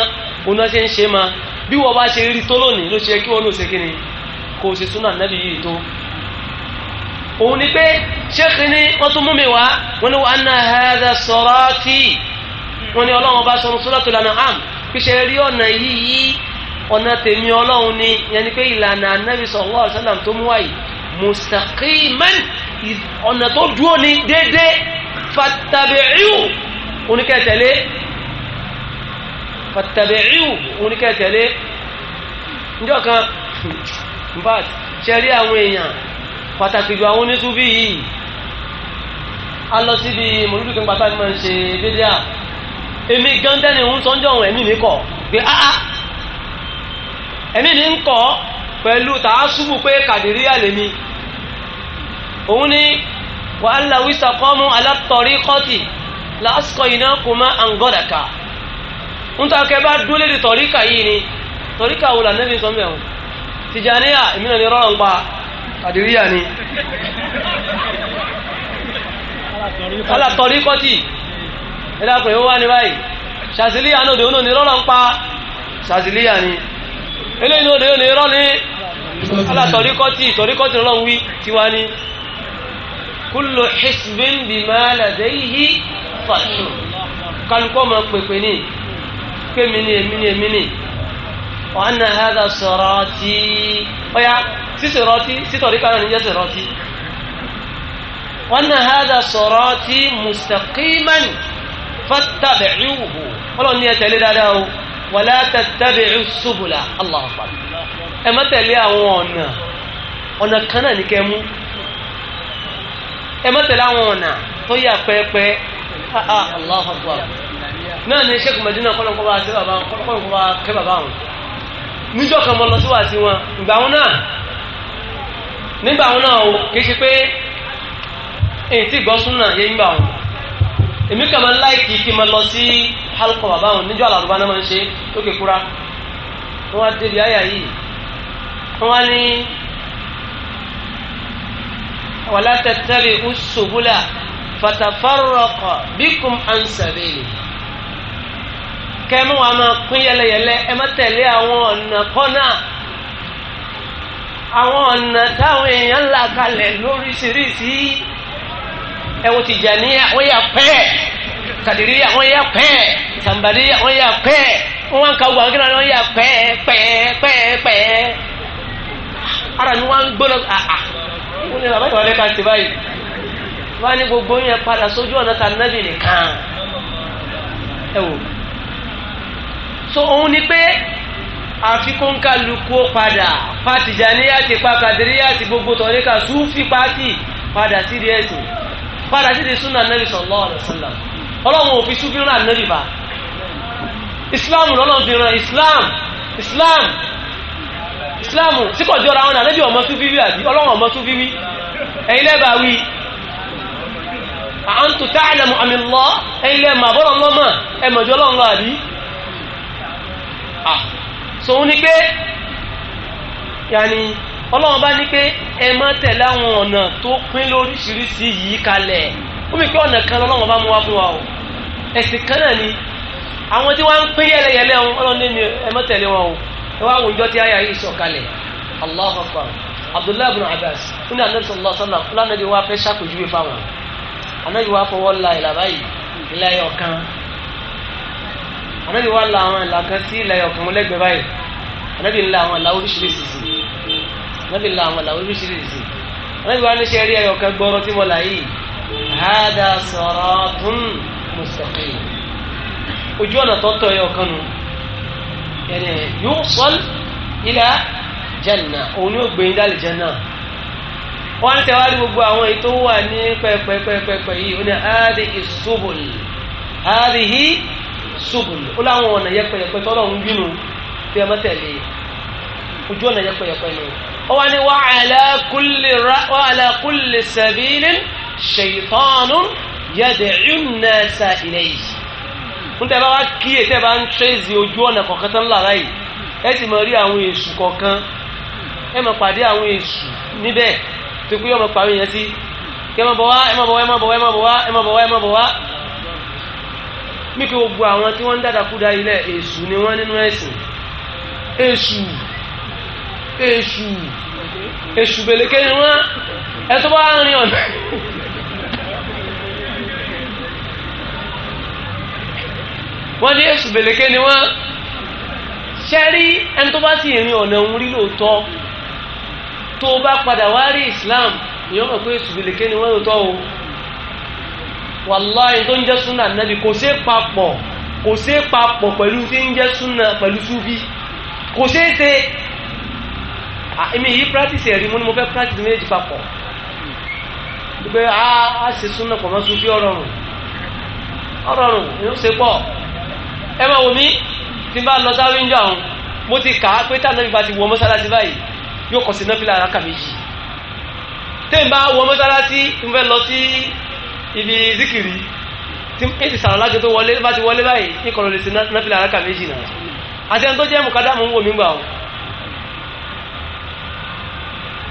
òun náà ṣe ń ṣe mọ́ bí wọ́n bá ṣe rí tó lónìí ló ṣe kí wọ́n lóò ṣe kí ni kò ṣe súnà nẹ́bí yìí tó òun ni pé ṣéèkì ni wọ́n tún mú mi wá wọ́n ní wa anna hadha sirati wọ́n ní ọlọ́run bá sọ̀rọ̀ suratul an'am fi ṣe rí ọ̀nà yìí ọ̀nà tèmi ọlọ́run ni yẹn ni pé ìlànà nẹ́bí sallallahu alaihi wasallam tó mú wáyìí mustaqiman ọ̀nà tó dúró ní déédéé fattabi'u oníkẹ́tẹ̀lé fattabi'u oníkẹ́tẹ̀lé níjọ́ kan but ṣẹ̀rí àwọn èèyàn pàtàkì ju àwọn onítúbí yìí a lọ síbi mòlúdù kan pàtàkì máa ń ṣe déédéé à èmi gan dẹ́ni ń sọ́njọ́ ọ̀hún ẹ̀mí mi kọ̀ pé áá ah, ah. ẹ̀mí mi ń kọ́ pẹ̀lú tàásùbù pé kàdìríyà lèmi òun ni wà á la wíṣà kọ́mú alátọ̀rí kọ́tì lásìkò iná kò má àǹgọ́dàkà ń tọ́ akẹ́ bá dúró lédè tọ̀ríkà yìí ni tọ̀ríkà wò lànà bí sọ́mbẹ̀ wọn tìjàníyà èmi náà ni rọrùn pa àdìríyà ni alátọ̀rí kọ́tì ẹ̀dá pé ó wá ní báyìí ṣàzìlíyà náà òde òun ní rọrùn pa ṣàzìlíyà ni eléyìí náà òde òun ní rọ́ ní alátọ̀rí kọ́tì tọ̀rí kọ́tì lọ́wọ́ wí tiwa ni kullu hisbin bima ladayhi fàṣọ kálukọ́ máa pèpè ní kémi ní èmi ní èmi ní wa anna hadha sirati ọ̀yà sísọ̀rọ̀tì sítọ̀ríkà náà níjẹ́ sọ̀rọ̀tì wa anna hadha sirati mustaqiman fattabi'uhu ọlọ́run ní ẹ tẹ̀lé dáadáa o wala tattabi'u subula Allahu akbar àwọn ọ̀nà ọ̀nà kan náà ní kẹ́ mú ẹ má tẹ̀lé àwọn ọ̀nà tó yà pẹ́ẹ́pẹ́ Allahu Akbar náà ní sẹ́kù mẹ́dínà kọ́lọ́nkọ́ bá kẹ́ bàbá wọn níjọ́ kan mọ́ lọ sí wàásí wọn ìgbà wọn náà nígbà wọn náà o kìí ṣe pé èyí tí gbọ́ súnà yé ń gbà wọn èmi kàn máa ń láìkì kí n máa lọ sí halkọ bàbá wọn níjọ́ àlàrúbá náà máa ń ṣe lókè kúra wọn á débi àyà yìí wọn á ولا تتبعوا السبل فتفرق بكم عن سبيله kẹmú wa máa pín yẹlẹyẹlẹ ẹ má tẹ̀lé àwọn ọ̀nà kọ́nà àwọn ọ̀nà táwọn èèyàn ń là kalẹ̀ lóríṣiríṣi ẹ̀wọ̀n Tìjàníyà wọ́n yà pẹ́ Kàdìríyà wọ́n yà pẹ́ Sàmbàdíyà wọ́n yà pẹ́ wọ́n wá ń ka wà kíláà wọ́n yà pẹ́ pẹ́ pẹ́ pẹ́ ara ni wọ́n ń gbọ́dọ̀ àà ó ní bàbá ìwà lẹ́ka ṣe báyìí wọ́n á ní gbogbo yẹn padà sójú ọ̀nà ta nábì nìkan ẹ wò so òun ni pé àfikún kálukú padà fàtìjàníyà ti pa kàdíríyà ti gbogbo tọ̀ríkà súfì pátì padà sí di ẹ̀sìn padà sí di súnà nábì sallallahu alaihi wasallam ọlọ́run ò fi súfì rán nábì bá islam lọ́lọ́run fi rán islam islam. islam ìsìláàmù tí kò jọra wọn ànábì ọmọ tún fíwí àbí ọlọ́run ọmọ tún fíwí ẹ̀yin lẹ́bà wí àwọn tó táàlẹ̀mù àmì lọ ẹ̀yin lẹ́mà bọ́lọ̀ lọ́mà ẹ̀mọ̀jọ́ ọlọ́run lọ àbí ah, sòun ni pé yàní ọlọ́run bá ní pé ẹ má tẹ̀lé àwọn ọ̀nà tó pín lóríṣiríṣi yìí kalẹ̀ ó mi pé ọ̀nà kan lọ́lọ́run bá mú wá fún wa o ẹ̀sìn kan náà ni àwọn tí wọ́n ń pín yẹlẹyẹlẹ ọlọ́run ní ẹ má tẹ̀lé wọn o ẹ wá àwùjọ tí àyà yìí sọ̀kalẹ̀ Allahu Akbar Abdullahi bin Abbas fún ní anabi sallallahu alaihi wasallam fúlànà bí wọn fẹ́ ṣàpèjúwe fáwọn anabi wa fọwọ́ la ìlà báyìí ìlà ẹyọ kan anabi wa la àwọn ìlà kan sí ìlà ẹyọ kan lẹ́gbẹ̀ẹ́ báyìí anabi la àwọn ìlà oríṣiríṣi sí anabi la àwọn ìlà oríṣiríṣi sí anabi wa ní ṣe rí ẹyọ kan tí mo là yìí hada siratun mustaqim ojú ọ̀nà ẹni yusal ila janna òun ni ó gbé yín dálẹ̀ janna wọ́n ń tẹ̀wá ní gbogbo àwọn èyí tó wà ní pẹ́pẹ́pẹ́pẹ́ yìí ó ní àádé ìṣubùl àádé yìí ṣubùl ó láwọn ọ̀nà yẹpẹyẹpẹ tọ́lọ̀ ń bínú tí ẹ mọ́tẹ̀lé ojú ọ̀nà yẹpẹyẹpẹ ni ó wá ní wa ala kulli sabilin shaytanun yad'u an-nasa ń tẹ́ bá wá kíyè tẹ́ bá ń tírèzì ojú ọ̀nà kọ̀ọ̀kan tán lára yìí ẹ sì mọ̀ rí àwọn èṣù kọ̀ọ̀kan ẹ mọ̀ pàdé àwọn èṣù níbẹ̀ tó pé ọmọ pàrọ̀ yẹn sí kẹ́ mọ̀ bọ̀ wá ẹ mọ̀ bọ̀ wá ẹ mọ̀ bọ̀ wá ẹ mọ̀ bọ̀ wá ẹ mọ̀ bọ̀ wá mí kí gbogbo àwọn tí wọ́n ń dàdàkúdà ilẹ̀ èṣù ni wọ́n nínú ẹ̀sìn èṣù èṣù èṣù bèlèké ni wọ́n ẹ tó bá rìn ọ̀nà wọ́n ní èsù bèlèké ni wọ́n ṣẹ́rí ẹni tó bá sì rìn ọ̀nà òun rí lóòótọ́ tó bá padà wá rí Islam ìyọ́n mọ̀ pé èsù bèlèké ni wọ́n lóòótọ́ o wàláhì tó ń jẹ́ súnà nàbì kò ṣe papọ̀ kò ṣe papọ̀ pẹ̀lú tí ń jẹ́ súnà pẹ̀lú súfí kò ṣe é ṣe èmi yìí practice ẹ̀rí mo ní mo fẹ́ practice méjì papọ̀ pé a ṣe súnà pọ̀ mọ́ súfí ọ̀rọ̀rùn ọ̀rọ̀rùn ni ó ṣe pọ̀ ẹ máa wò mí tí n bá lọ sáré ń jọ àwọn mo ti kà á pé tá ànábì bá ti wọ mọ́sálásí báyìí yóò kọ̀ sí náfìlà àràkà méjì tí n bá wọ mọ́sálásí n fẹ́ lọ sí ibi zikiri tí n ti sàrọ̀ lágbo tó wọlé bá ti wọlé báyìí ní kọ̀rọ̀ lè sí náfìlà àràkà méjì náà àti ẹni tó jẹ́ mùkádàmù ń wò mí gbà o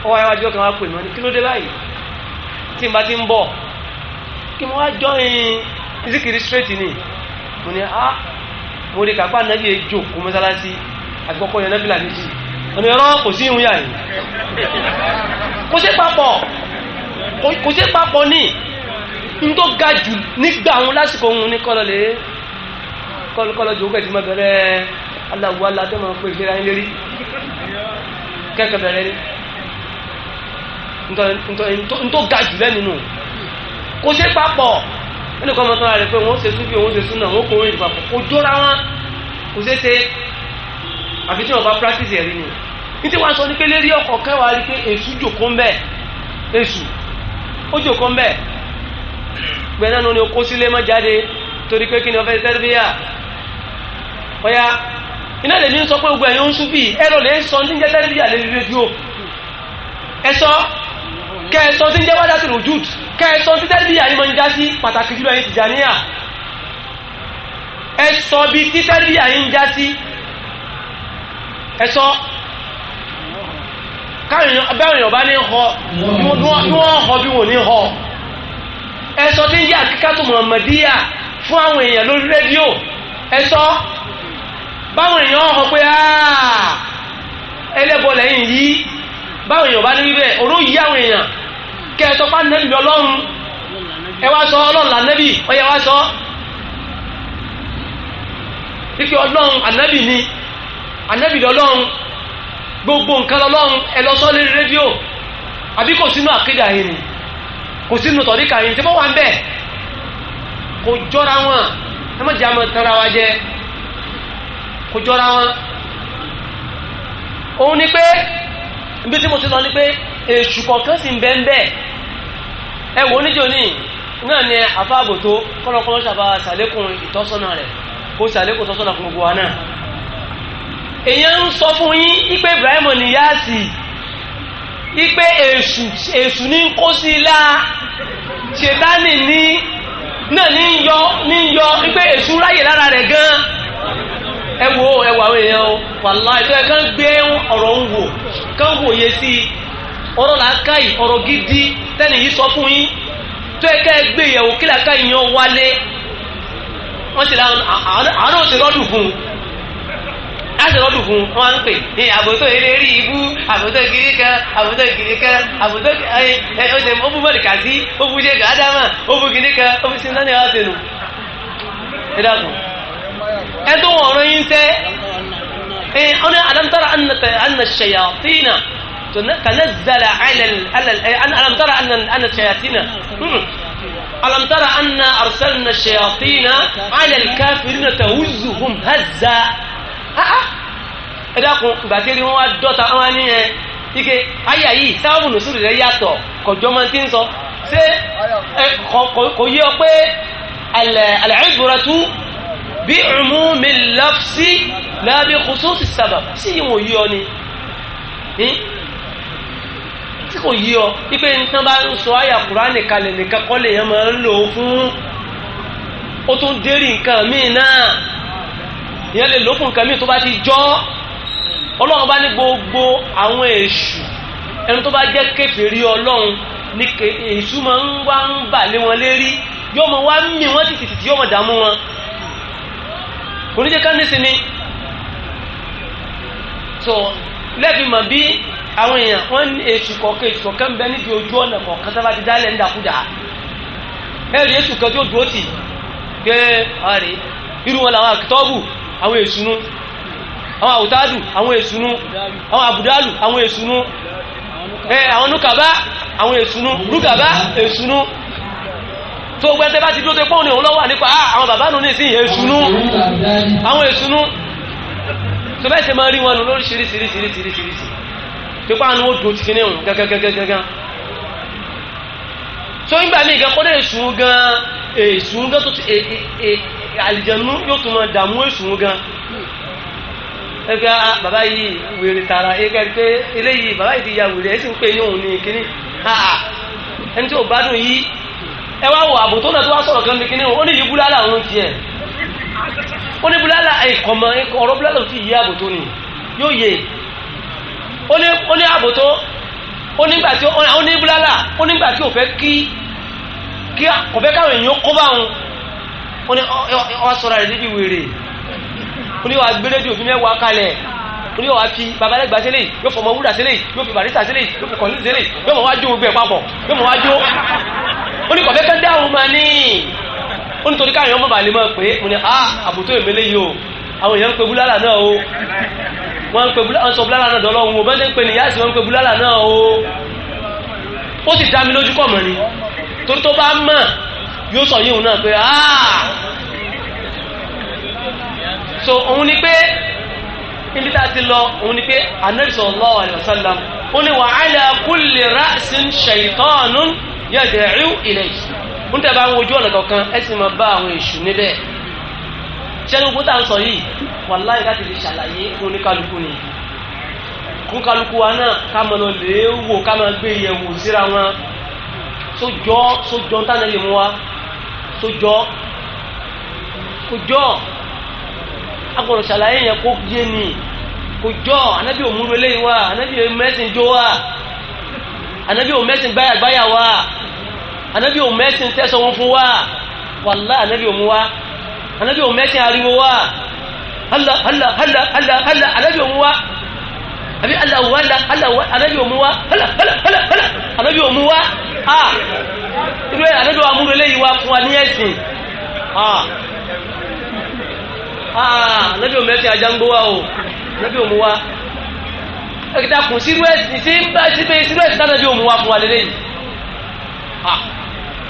ọwọ́ ayé wájú ọkàn wa pè mọ́ ni kí ló dé báyìí tí n bá ti ń bọ̀ kí mo wá jọ ìyìn zikiri straight ni mo ní ah mo lè kápá nàbí ejò kó mọ́sálásí àti kọ́kọ́ yẹn nàbílà méjì ọ̀nà ẹ̀rọ kò sí ìhun yà yìí kò sí papọ̀ kò sí papọ̀ ní n tó ga jù nígbà òun lásìkò òun ní kọ́lọ̀ lè kọ́lọ̀ jòwó kẹ́tì máa bẹ̀rẹ̀ aláwọ̀ aládé máa pè fẹ́ra yín lérí kẹ́kẹ́ bẹ̀rẹ̀ ní n ga jù lẹ́nu nù kò sí papọ̀ ẹnì kan mọ sọ́ra rẹ̀ pé wọ́n ṣe súfì wọ́n ṣe súnà wọ́n kò rí ìpapọ̀ kò jọra wọn kò ṣeé ṣe àfi tí wọn bá practice ẹ̀rí ni nítorí wọn sọ ní pé lérí ọkọ̀ kẹwàá rí pé èṣù jòkó ń bẹ̀ èṣù ó jòkó ń bẹ̀ gbẹ̀dánù ni ó kó sílé mọ́ jáde torí pé kí ni ọfẹ́ sẹ́rbíà ọ̀yá iná lèmi ń sọ pé gbogbo ẹ̀yìn ń súfì ẹ̀rọ lè sọ ní jẹ́ sẹ́rbíà lè rí rédíò ẹ̀sọ́ kẹ́ ẹ̀sọ́ tí ń jẹ́ wádàtì rojúùtù kẹ́ẹ̀sọ́ tí tẹ́lbíyà yìí mọ́ ń já sí pàtàkì jùlọ yìí Tìjàníyà ẹ̀sọ́ bí tí tẹ́lbíyà yìí ń já sí ẹ̀sọ́ káàrin ọba ní họ ní wọ́n họ bí wọ́n ní họ ẹ̀sọ́ tí ń jẹ́ àkíkàtò mọ̀mọ̀díyà fún àwọn èèyàn lórí rédíò ẹ̀sọ́ báwọn èèyàn họ pé ẹlẹ́bọ̀ yìí báwọn èèyàn bá ní wíbẹ̀ òró àwọn èèyàn kẹ́ ẹ sọ fún ànábì ọlọ́run ẹ wá sọ ọlọ́run lànábì ọyẹ wá sọ pípé ọlọ́run ànábì ni ànábì lọ́lọ́run gbogbo nǹkan lọ́lọ́run ẹ lọ sọ lórí rédíò àbí kò sínú àkídà yìí ni kò sínú tọ̀ríkà yìí tí wọ́n wà ń bẹ̀ kò jọra wọn ẹ má jẹ́ àmọ́ tara wa jẹ kò jọra wọn òun ni pé ibi tí mo ti lọ ni pé èṣù kọ̀ọ̀kan sì ń bẹ́ẹ̀ bẹ́ẹ̀ ẹ wò ní náà ni àfáàgòtó kọ́lọ́kọ́lọ́ ṣàbá ṣàlékún ìtọ́sọ́nà rẹ̀ kó ṣàlékún ìtọ́sọ́nà fún gbogbo wa náà èèyàn ń sọ fún yín ipe Ibrahim Niyasi ipe èṣù èṣù ní kó sí ilá ṣètánì ní náà ní yọ ní yọ ipe èṣù ráyè lára rẹ̀ gan ẹ wo ẹ wà àwọn èèyàn wàláì tó yẹ kán gbé ọ̀rọ̀ ń wò kán wòye sí i ọ̀rọ̀ làákàyè ọ̀rọ̀ gidi tẹ́nì yìí sọ fún yín tó yẹ ká ẹ gbé ìyẹ̀wò kí làákàyè yẹn wálé wọ́n ti láwọn àánú ti rọ́dù fún un láti rọ́dù fún un wọ́n ń pè ní àbòtó eléré ibú àbòtó gíríkà àbòtó gíríkà àbòtó ọ̀sẹ̀ ó bú mọ́lìkà sí ó bú jẹ́ gàdámà ó bú gíríkà ó bú sinmi lánàá ọ̀sẹ̀ ẹ dàgbọ́ ẹ tó wọ̀n ọ̀rọ̀ yín tẹ́ ẹ ọ̀nà تنزل على على انا الم ترى ان انا شياطين الم ترى ان ارسلنا الشياطين على الكافرين تهزهم هزا ها ا اداكم باتيري مو ادوتا اواني ike aya yi sawu no suru re yato ko jo man tin so se ko ye pe al al ibratu bi umum al lafsi la bi khusus al sabab si mo yoni tí kò yí ọ ipe nǹkan bá ń sọ àyà kùránì kalẹ̀ nìkan kọ́ lèèyàn máa ń lò ó fún ó tún dérí nǹkan míì náà ìyẹn lè lò fún nǹkan míì tó bá ti jọ́ ọlọ́run bá ní gbogbo àwọn èṣù ẹni tó bá jẹ́ kèfèrí ọlọ́run ní èṣù máa ń wá ń bà lé wọn lérí yóò mọ wá mì wọ́n títí títí yóò mọ̀ dààmú wọn kò ní jẹ́ ká ní sinmi so lẹ́ẹ̀fì mọ̀ bí àwọn èèyàn wọ́n ní èṣù kọ̀ọ̀kan èṣù kọ̀ọ̀kan ń bẹ níbi ojú ọ̀nà kọ̀ọ̀kan tó bá ti dálẹ̀ ń dàkúdà ẹ̀rí èṣù kan tí ó dúró tì pé ọ̀rẹ́ irú wọn làwọn àkítọ́bù àwọn èṣù nu àwọn àwùtádù àwọn èṣù nu àwọn àbùdálù àwọn èṣù nu àwọn nukaba àwọn èṣù nu nukaba èṣù nu tó gbẹ́ntẹ́ bá ti dúró tó pọ́n ní òun lọ́wọ́ nípa àwọn bàbá nù ní ìsìn èṣù nu àwọn èṣù nu tó bẹ́ẹ̀ ṣe máa rí wọn nù lóríṣiríṣiríṣiríṣiríṣiríṣi pípa àwọn ó dùn tìkínní hùn gángangangangan so ń gbà mí gan kọ́dọ̀ èṣù gan èṣù gan tó ti e, e, e, àlìjẹ̀nú yóò tún máa dààmú èṣù gan ẹgbẹ́ ah, bàbá yìí wèrè tààrà ẹgbẹ́ pé eléyìí bàbá yìí ti ya wèrè ẹ sì ń pè ní òun ní kíní ẹni tí ò bá dùn yìí ẹ wá wọ àbò tó náà tó wá sọ̀rọ̀ kan ní ó ní yí búlálà òun tiẹ̀ ó ní búlálà ẹ̀kọ́mọ ọ̀rọ̀ búlálà ò ó ní ààbò tó ó nígbà tí ó ní búlálà ó nígbà tí ò fẹ́ kí kí kò fẹ́ káwọn èèyàn kó bá wọn ó ní ọ sọ̀rọ̀ rẹ̀ níbi wèrè ó ní wàá gbé rédíò bí mẹ́wàá kalẹ̀ ó ní wàá fi babalẹ́gbà sílẹ̀ yóò fọmọ wúrà sílẹ̀ yóò fi barista sílẹ̀ yóò fi kọ̀lí sílẹ̀ yóò mọ̀ wá jó gbẹ papọ̀ yóò mọ̀ wá jó ó ní kọ̀fẹ́ kẹ́ńdé àwọn máa ní ó ní torí káwọn èèyàn mọ̀ o àwọn èèyàn ń pe wọ́n pe búlá ọ̀sọ̀ búlá náà dọ́lọ́ wọn bẹ́ẹ̀ ń pe ní yáàsì wọ́n pe búlá náà o ó sì dá lójú kọ̀ mọ́ ni torí tó bá mọ̀ yóò sọ yíhun náà pé aaa so òun ni pé níbi tá a ti lọ òun ni pé anabi sallallahu alaihi wasallam ó ní wa ala kulli ra'sin shaytanun yad'u ilayhi ń tẹ̀ bá ń wojú ọ̀nà kankan ẹ máa bá àwọn èṣù níbẹ̀ sẹ́ni gbogbo tá à ń sọ yìí wàláyé láti fi ṣàlàyé oníkálukú ni kúkálukú wa náà ká máa lọ lè wò ká máa gbé ìyẹ̀wò síra wọn sójọ́ sójọ́ ń tánà lè mú wa sójọ́ kójọ́ agbọ̀dọ̀ ṣàlàyé yẹn kó yé ni kójọ́ anábì òmùrú eléyìí wa anábì mẹ́sìn jó wa anábì òmẹ́sìn gbáyàgbáyà wa anábì òmẹ́sìn tẹ̀sán wọn fún wa wàlá anábì òmù wa anábì òun mẹ́sìn ariwo wá hàlà hàlà hàlà hàlà hàlà anábì òun wá àbí aláwọ̀ hàlà aláwọ̀ anábì òun wá hàlà hàlà hàlà hàlà anábì òun wá a irú ẹ̀ anábì òun amúrelé yìí wá fún wa ní ẹ̀sìn a a anábì òun mẹ́sìn ajá ń gbówá o anábì òun wá ẹ̀kìtà kùn sírú ẹ̀sìn sí ń bá síbẹ̀ sírú ẹ̀sìn tánàbí òun wá fún wa lélẹ́yìn a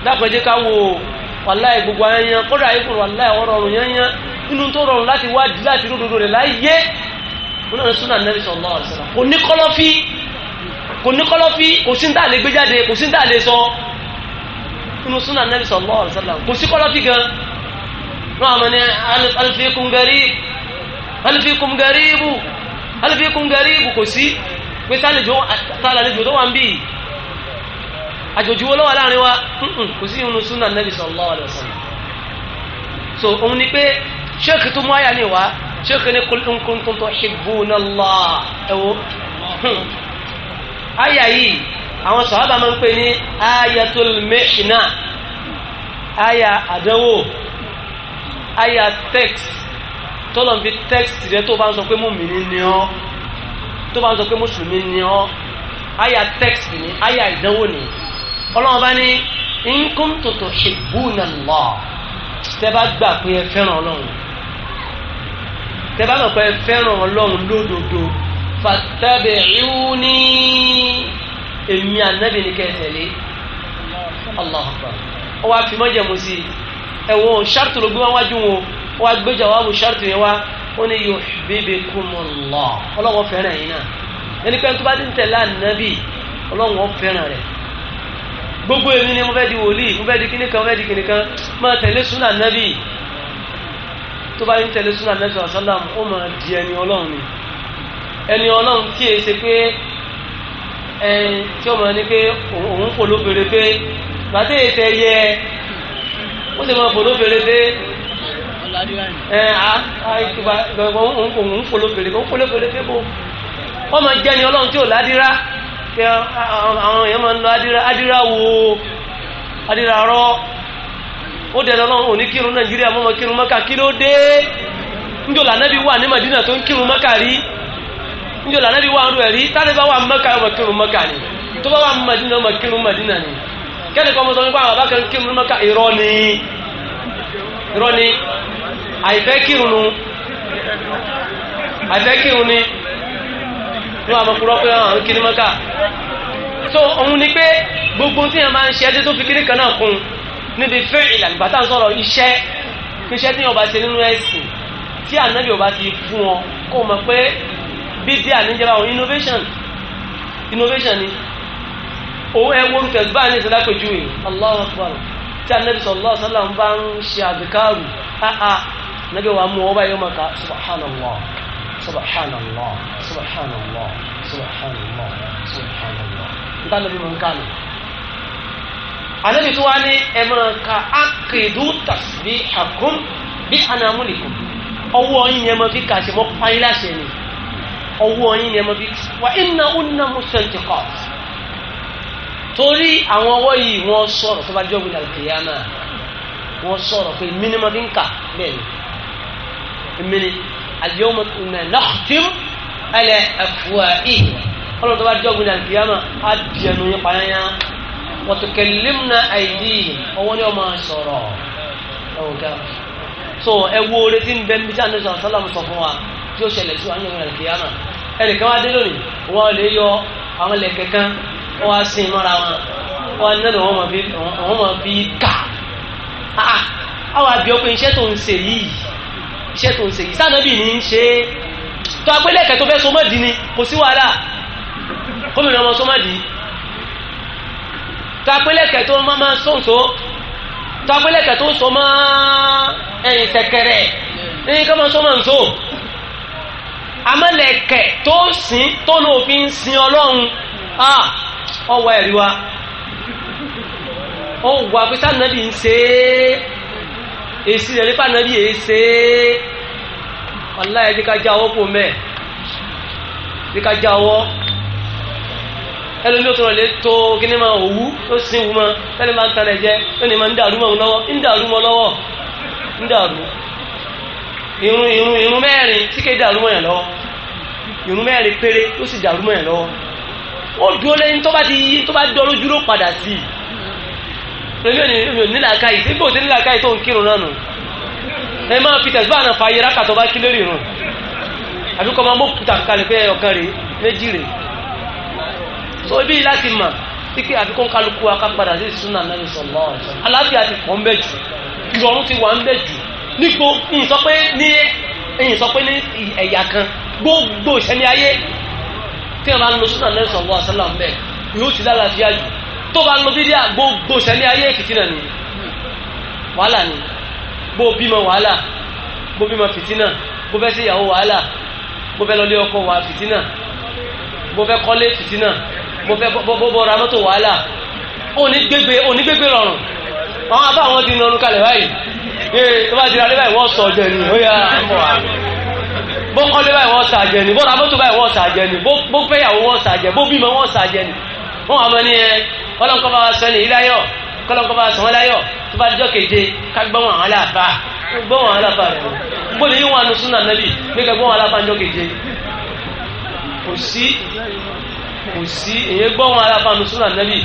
dákun o wàláì gbogbo ayanyan kọ́dà ayékùn wàláì ọ̀rọ̀ ọ̀rùn yanyan inú tó rọrùn láti wádìí láti ródòdó rẹ̀ láyé wọn náà súnà nẹ́bí sallallahu alaihi wasallam kò ní kọ́lọ́fí kò ní kọ́lọ́fí kò sí dáàlé gbé jáde kò sí dáàlé sọ inú súnà nẹ́bí sallallahu alaihi tó wà ń bíi àjòjì wo lọ́wọ́ láàrin wa kò sí irun súnà nẹ́bí sallallahu alaihi wasallam so òun ni pé ṣéèkì tó mú àyà ní wa ṣéèkì ní qul in kuntum tuhibbuna Allah ẹ̀wọ́ hmm. àyà yìí àwọn sàhábà máa ń pè ní ayatul mihna àyà àdánwò àyà text tọ́lọ̀ fi text rẹ tó bá ń sọ pé mùmínì ni ọ́ tó bá ń sọ pé mùsùlùmí ni ọ́ àyà text ni àyà ìdánwò ni ọlọ́run bá ní in kuntum tuhibbuna Allah tẹ́ bá gbà pé ẹ fẹ́ràn ọlọ́run tẹ́ bá gbà pé ẹ fẹ́ràn ọlọ́run lódodo fattabi'uni èmi ànábì ní kẹsẹ̀lé Allahu Akbar ó wá fi mọ́jẹ̀mú sí ẹ̀wọ̀n ṣáàtù ló gbé wọn wájú wọn ó wá gbéjà wá wù ṣáàtù yẹn wá ó ní yuhbibkumullah ọlọ́wọ́ fẹ́ràn yìí náà ẹni pé tó bá ọlọ́wọ́ fẹ́ràn rẹ̀ gbogbo èmi ni mo fẹ́ di wòlíì mo fẹ́ di kíní kan mo fẹ́ di kíní kan máa tẹ̀lé súnà nẹ́bì tó bá ń tẹ̀lé súnà nẹ́bì sàlám ó máa di ẹni ọlọ́run ni ẹni ọlọ́run tí èyí ṣe pé ẹn tí ó máa ní pé òun kò ló bèrè pé bàtẹ́ ètè yẹ ó sì máa kò ló bèrè pé ẹn a ìgbà òun kò ló bèrè pé òun máa jẹ́ ẹni ọlọ́run tí ò ládìrá. pé àwọn èèyàn máa ń lọ adira wo adira rọ ó dẹ̀ lọ́wọ́ òní kírun nàìjíríà mọ́mọ́ kírun mọ́kà kí ló dé njọ́lá náà wà ní madina tó ń kírun mọ́kà rí njọ́lá náà wà ń bá ni tó bá wà madina ọmọ kírun madina ni kẹ́ni kọ́ mọ́tọ́ nípa àwọn abákan kírun mọ́kà irọ́ ni ni àìfẹ́ kírun ni. ní wàá mọ̀kúrọ́ pé hàn ah, kí ni mọ́kà so òun ni pé gbogbo tí yẹn máa ń ṣe ẹdí tó fi kiri kan náà kún níbi fẹ́ ìlànà bàtà ń sọ̀rọ̀ iṣẹ́ iṣẹ́ tí yẹn ọba ṣe nínú ẹ̀sìn tí ànábì ọba ti fún ọ kó o mọ̀ pé bídíà níjẹba òun innovation innovation ni òun ẹ wo tẹ̀síbáà ní ìsìlá pẹ̀jú yìí Allahu Akbar tí ànábì sallallahu alaihi wasallam bá ń ṣe àdìkárù áá ànábì wa mú ọba yóò mọ̀ ká subhanallah subhanallah subhanallah subhanallah subhanallah níta níbi mọ̀ ń ká nù. ànábì tó wá ní ẹ máa ka akédú tasbihakum bí anamulikum ọwọ́ yín ni ẹ máa fi kà sí mọ́ páyín láṣẹ ni ọwọ́ yín ni ẹ máa fi wà inna unna musantiqat torí àwọn ọwọ́ yìí wọ́n sọ̀rọ̀ tó bá jọ́ gbìyànjú kìyàmá wọ́n sọ̀rọ̀ pé mímọ́ fi ń kà al-yawma kunna nakhtim ala afwahihim ọlọ́run tó bá jọ́gun ní àlùkìyàmà á di ẹnu yín payáyá wa tukallimna aydihim ọwọ́ ni wọ́n máa sọ̀rọ̀ ẹ̀wọ̀n ká so ẹ wo oore tí ń bẹ níbi tí sàlámù sọ fún wa tí ó ṣẹlẹ̀ sí àwọn ènìyàn àlùkìyàmà ẹnìkan wá dé lónìí wọn lè yọ àwọn lẹ̀kẹ̀ kan wọn wá sin mọ́ra wọn wọn náà wọn máa fi kà á àwọn àbí ọkùnrin iṣẹ́ tó ń ṣe yìí iṣẹ́ tó ń ṣe yìí sáà tó agbélẹ̀kẹ́ tó fẹ́ sọmọ́dì ni kò sí wàhálà gómìnà ọmọ sọmọ́dì tó agbélẹ̀kẹ́ tó máa máa sọ̀nsọ́ tó agbélẹ̀kẹ́ tó sọ máa ẹ̀yìn sẹ̀kẹ̀rẹ̀ ní ká máa sọmọ́ nsọ́ amẹ́lẹ̀kẹ́ tó sìn tó ní òfin sin ọlọ́run ọwọ́ ẹ̀rí wa ó wà pé sáà nàbì ń ṣe é èsì rẹ̀ nípa nàbì èé ṣe é wàláhì ẹjẹ́ ká já ọwọ́ kò mẹ́ ẹjẹ́ ká já ọwọ́ ẹlòmí ó tọrọ lè tó kíní máa òwú ó sì wú mọ́ ẹni máa ń tan ẹ̀jẹ̀ ẹni máa ń dàrú mọ́ lọ́wọ́ ń dàrú mọ́ lọ́wọ́ ń dàrú irun irun irun mẹ́rin tí kéde dàrú mọ́ yẹn lọ́wọ́ irun mẹ́rin péré ó sì dàrú mọ́ yẹn lọ́wọ́ ó dúró lẹ́yìn tó bá ti yí tó bá dọ́ lójú ló padà sí i lómi ò ní nílàkàyè síbò tí nílàkàyè tó ń kírun náà nù ẹ máa fi tẹ̀síbà náà fa ayé rákà tó bá kí lérí irun àbí kọ́ máa mú kùtà kalẹ̀ pé ọ̀kan rèé méjì rèé so ibi láti mà pípé àfi kó ń kálukú wa ká padà sí súnà náà sọ̀lọ́ aláfíà ti pọ̀ ń bẹ̀ jù ìrọ̀rùn ti wà ń bẹ̀ jù nígbò ń sọ pé ní ẹ̀yìn sọ pé ní ẹ̀yà kan gbogbo ìṣẹ́ni ayé tí wọ́n bá ń lo súnà náà sọ̀lọ́ àṣálà ń bẹ̀ yóò ti lálàáfíà jù tó bá ń lo bídíà gbogbo ìṣẹ́ni ayé èkìtì náà ni wàhálà ni bó bímọ wàhálà bó bímọ fìtínà bó fẹ́ sí ìyàwó wàhálà bó fẹ́ lọlé ọkọ wà fìtínà bó fẹ́ kọ́lé fìtínà bó fẹ́ bọ́ ra mọ́tò wàhálà onígbègbè onígbègbè rọrùn àwọn abá àwọn ti nọrun kalẹ̀ báyìí ee tó bá ti ra lé báyìí wọ́n sọ ọjọ́ ẹni ó yà bó kọ́lé báyìí wọ́n sàjẹ́ ni bó ra mọ́tò báyìí wọ́n sàjẹ́ ni bó fẹ́yàwó wọ́n sàjẹ́ bó bímọ wọ́n sàjẹ́ ni wọ́n wà mọ́ ní ọlọ́nkọ́ bá wa sọ ní ìdáyọ̀ kọ́lọ́kọ́ bá sàn wọ́n láyọ̀ tó bá dijọ́ keje ká gbọ́ wọn aláàfà gbọ́ wọn aláàfà rẹ̀ gbọ́dọ̀ yín wọn ànusúnà nàbì ní ká gbọ́ wọn aláàfà njọ́ keje kò sí kò sí èyí gbọ́ wọn aláàfà ànusúnà nàbì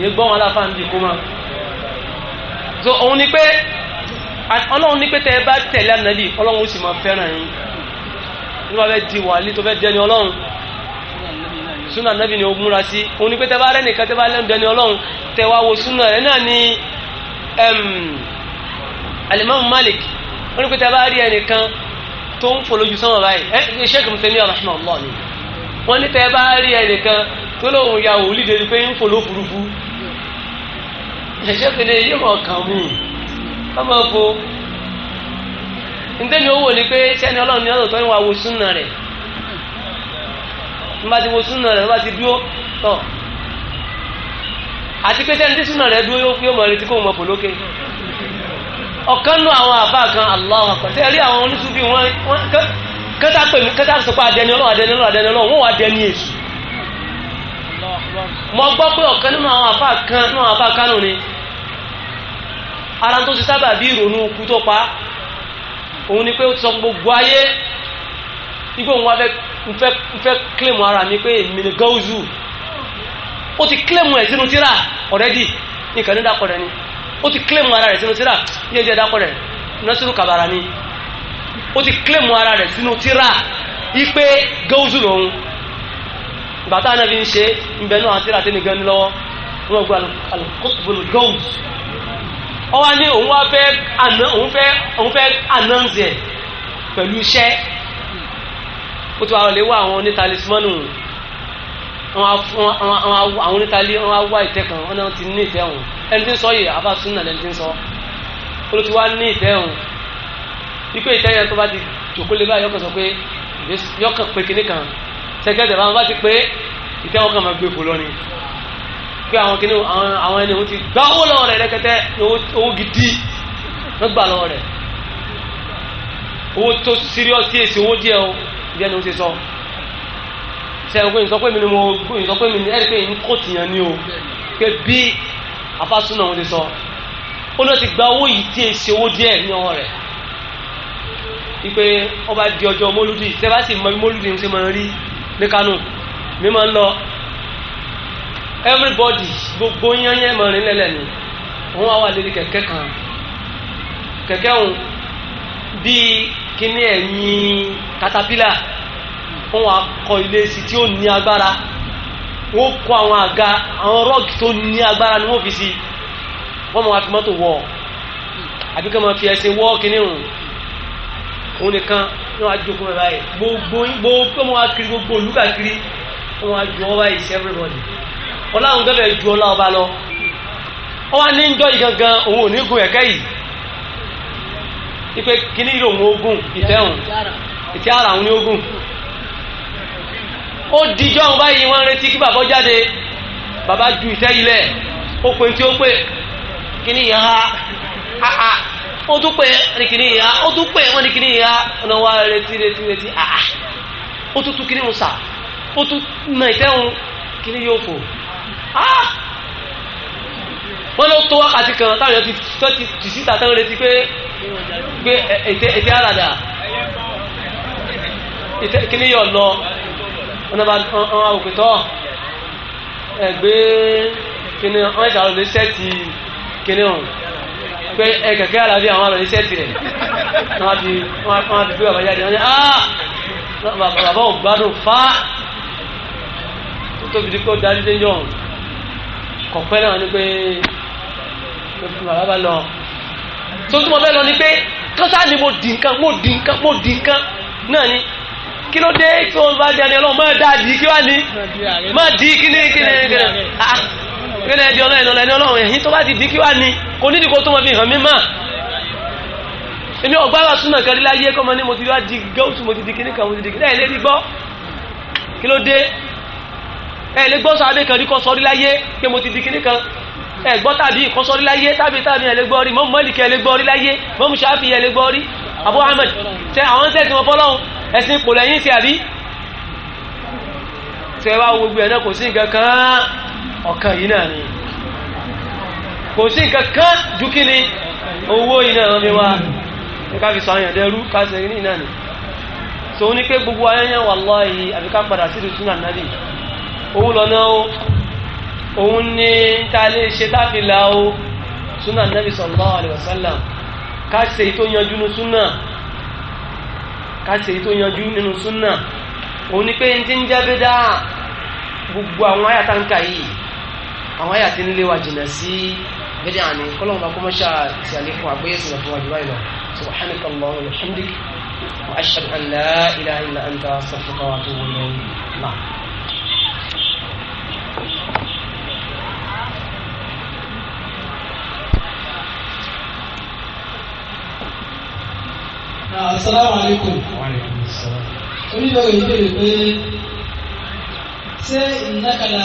èyí gbọ́ wọn aláàfà njì kó ma. so òun ni pé ọlọ́run ní pé tẹ́ ẹ bá tẹ̀lé ànàbì ọlọ́run ó sì máa fẹ́ràn yín nígbà bẹ́ẹ̀ di wàlí tó fẹ́ dẹni ọlọ́run súnà nàbì ni ó múra sí òun ni pé tẹ́ bá rẹ́ nìkan tẹ́ bá lẹ́nu dẹni ọlọ́run tẹ́ wá wo súnà rẹ̀ náà ni alimami malik o ní pé tẹ́ bá rí ẹnìkan tó ń fò lójú sánmà báyìí ẹ sheikh muslim yà rahman allah ni wọ́n ní tẹ́ bá rí ẹnìkan tó lóun ya òwúlì dédé pé ń fò lófurufú ẹ̀ṣẹ́ pé ní yé mọ̀ kàn mí ọmọ ọkọ ntẹ́ni owó ni pé sẹ́ni ọlọ́run ni ọ̀dọ̀ tó ń wá wo súnà rẹ̀ tó bá ti wo súnà rẹ̀ tó bá ti dúró tán àti pé sẹ́ni tí súnà rẹ̀ dúró yóò mọ̀ retí kó mọ̀ pò lókè ọ̀kan nù àwọn àbá kan Allahu akbar sẹ́ẹ̀rí àwọn oníṣubí wọn kẹta pè mí kẹta sọ pé adẹni ọlọ́run adẹni ọlọ́run adẹni ọlọ́run wọn wà dẹni èṣù mo gbọ́ pé ọ̀kan nínú àwọn àbá kan nínú àwọn àbá kánò ni ara tó ti sábà bí ìrònú ikú tó pa òun ni pé ó ti sọ gbogbo ayé igbó wọn fẹ́ fẹ́ kílèmù ara mi pé èmi ni gáúzù ó ti kílèmù ẹ̀ sínú tíra ọ̀rẹ́dì nìkan ní dákọ̀rẹ́ ni ó ti kílèmù ara rẹ̀ sínú tíra yíyẹ jẹ́ dákọ̀rẹ́ nọ́sírù kàbàrà ni ó ti kílèmù ara rẹ̀ sínú tíra ipe gáúzù lòun bàtà náà fi ń ṣe ìbẹ̀ náà àti tíra tẹ́nìkan ní lọ́wọ́ wọn gba alukókòbólò gáúzù ọwọ́ ni òun wá fẹ́ àná òun fẹ́ àná ń zẹ̀ pẹ̀lú iṣẹ́ ó ti wà lọ lè wá àwọn onítalismọ́nù àwọn onítali wọn wá ìtẹ́ kan wọn náà ti ní ìtẹ́ ọ̀hún ẹni tí ń sọ yìí àbá súnà lẹni tí ń sọ ó ti wá ní ìtẹ́ ọ̀hún ikú ìtẹ́ yẹn tó bá ti jòkó lé báyìí yọkàn sọ pé yọkàn pé kinní kan sẹkẹtẹ báwọn bá ti pé ìtẹ́ wọn kàn máa gbé fò lọ ni pé àwọn kinní àwọn ẹni wọn ti gbá owó lọ́wọ́ rẹ̀ rẹ́kẹ́tẹ́ owó gidi wọ́n gbà lọ́wọ́ rẹ̀ owó tó serious tí owó díẹ̀ o bí ẹni ó ṣe sọ sẹ́yìn pé ni mo ìsọpẹ́ mi ni ẹ̀rí ọba e di ọjọ́ mólúdì sẹ́bá sì mọ ń ṣe máa rí ní Kánò mi lọ everybody gbogbo yányẹ́ máa rìn lẹ́lẹ̀ ni wọ́n wá wà lórí kẹ̀kẹ́ kan kẹ̀kẹ́ òun bíi kíní ẹ̀yìn katapila wọ́n wá kọ́ ilé sí tí ó ní agbára wọ́n kọ́ àwọn àga àwọn rọ́ọ̀kì tó ní agbára ni wọ́n fi sí wọ́n mọ̀ wá fi mọ́tò wọ̀ àbí kí wọ́n fi ẹsẹ̀ wọ́ kíní hùn òun nìkan ní wọ́n á jókòó rẹ̀ báyìí gbogbo gbogbo wọ́n á gbogbo olúkà kiri wọ́n á jọ ọba sí everybody ọlọ́run gẹ́gẹ́ ju ọlá ọba lọ wọ́n á ní ń jọ́ yìí gangan òun ò ní gun ẹ̀kẹ́ yìí ipe kini ìlò òun ogun itehun ìtẹ́ ara òun ní ogun o dijo òun báyìí wọ́n reti kí bàbá bàbá ju ìtẹ́ ile o pe tí ó pè kíní ha ha o tún pè ní kíní ìhà ó tún pè wọ́n ní kíní ìhà ọ̀nà wa retí retí retí àà o tún tún kini na wọ́n ló tó wákàtí kan táwọn èèyàn ti tì síta táwọn retí pé pé ètè àràdà kíní yọ̀ lọ wọn bá wọn àwòkè tọ́ ẹgbẹ́ kíní wọn ìjà lọ lè sẹ́ẹ̀tì kíní ọ̀hún pé ẹ̀kẹ̀kẹ́ àlàbí àwọn àlọ́ lè sẹ́ẹ̀tì rẹ̀ wọn ti wọn ti gbé bàbá jáde wọn ni ah bàbá ò gbádùn fa tó tóbi dípò dájú dé yọ̀ ọ̀hún kọ̀pẹ́ náà ni pé mo fi bàbá bá lọ tó tí mo fẹ́ lọ ni pé kọ́sá ni mo dì nǹkan mo dì nǹkan mo dì nǹkan náà ni kí ló dé tó bá di ẹni ọlọ́run máa dáa di kí wá ní máa di kí ní kí ní kí ní ah kí ní ẹni ọlọ́run ẹni ọlọ́run ẹ̀yìn tó bá ti di kí wá ní kò ní ìdíkò tó mọ fi hàn mí mà èmi ọgbà wà súnà kan líla yé kọ́mọ ní mo ti wá di gọ́ọ̀tù mo ti di kíní kan mo ti di kíní ẹ̀ lé ní gbọ́ kí ló dé ẹ̀ lé gbọ́ sọ abẹ́ kan rí kọ́ pé mo ti di kíní kan ẹ̀gbọ́ tàbí ìkọ́sọ́rí láyé tàbí tàbí ẹ̀lẹ́gbọ́rí mọ́mú mọ́lìkì ẹ̀lẹ́gbọ́rí láyé mọ́mú ṣáfì ẹ̀lẹ́gbọ́rí abu ahmed tẹ àwọn ń sẹ́sìn wọn fọlọ́hún ẹ̀sìn ipò lẹ́yìn sí àbí. tẹ wá gbogbo ẹ̀ náà kò sí nǹkan kan ọ̀kan yìí náà ni kò sí nǹkan kan ju kí ni owó yìí náà ni wá ká fi sọ àyàn dẹrú ká sẹ ní náà ni. sọ ní pé gbogbo ayẹyẹ wallahi àbíká òun ni ta lè ṣe tábìlà o súnà nàbì sallallahu alaihi wasallam ká ṣe èyí tó yanjú nínú súnà ká ṣe èyí tó yanjú nínú súnà òun ni pé n ti ń jẹ́ bídà gbogbo àwọn àyà tá ń kà yìí àwọn àyà ti ń lé wa jìnnà sí bídà ni kọ́lọ́mù bá kọ́ mọ́ṣá sí àlékún àgbéyé sọ̀rọ̀ fún wa báyìí lọ subhanaka Allahumma wa bihamdik wa ashhadu an la ilaha illa anta astaghfiruka wa atubu ilayk náà. asalaamualeykum. oníbẹ̀rẹ̀ ìbéèrè pé ṣé ìnákàlà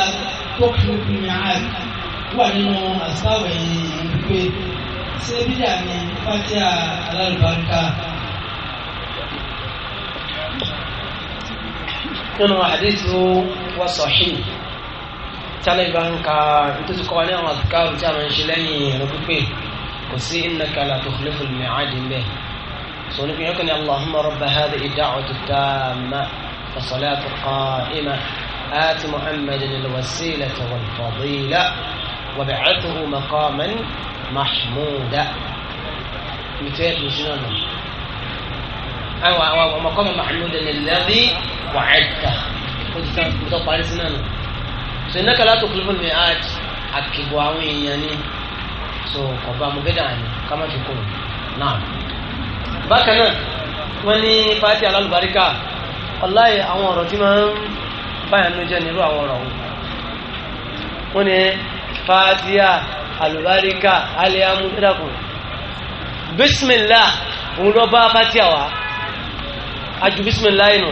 tó kìlọ̀ kìlọ̀ yàn án wà nínú àsáwẹ̀ yìí wípé ṣé bídà ni fatia alálùbáríkà. nínú àdéhùn wa sọ̀hí tálẹ̀ bá ń ka nítorí kọ́ ní àwọn àdúgbò tí a máa ń ṣe lẹ́yìn ẹ̀rọ pípé kò sí ìnákàlà tó kìlọ̀ kìlọ̀ yàn án dì سونك يكن اللهم رب هذه الدعوة التامة والصلاة القائمة آت محمد الوسيلة والفضيلة وبعثه مقاما محمودا متيت جنانا أو مقاما محمودا الذي وعدته متطالع سنانا سنك لا تخلف المئات أكبواوين يعني سو قبام بدعني كما تقول نعم bákan náà wọ́n ní fati alálùbáríkà ọláyè àwọn ọ̀rọ̀ tí máa ń báyà nínú jẹ́ nírú àwọn ọ̀rọ̀ wọn ní fati alálùbáríkà aliamu dídàkùn bísímìlá òun lọ bá fati àwa aju bísímìlá yìí nù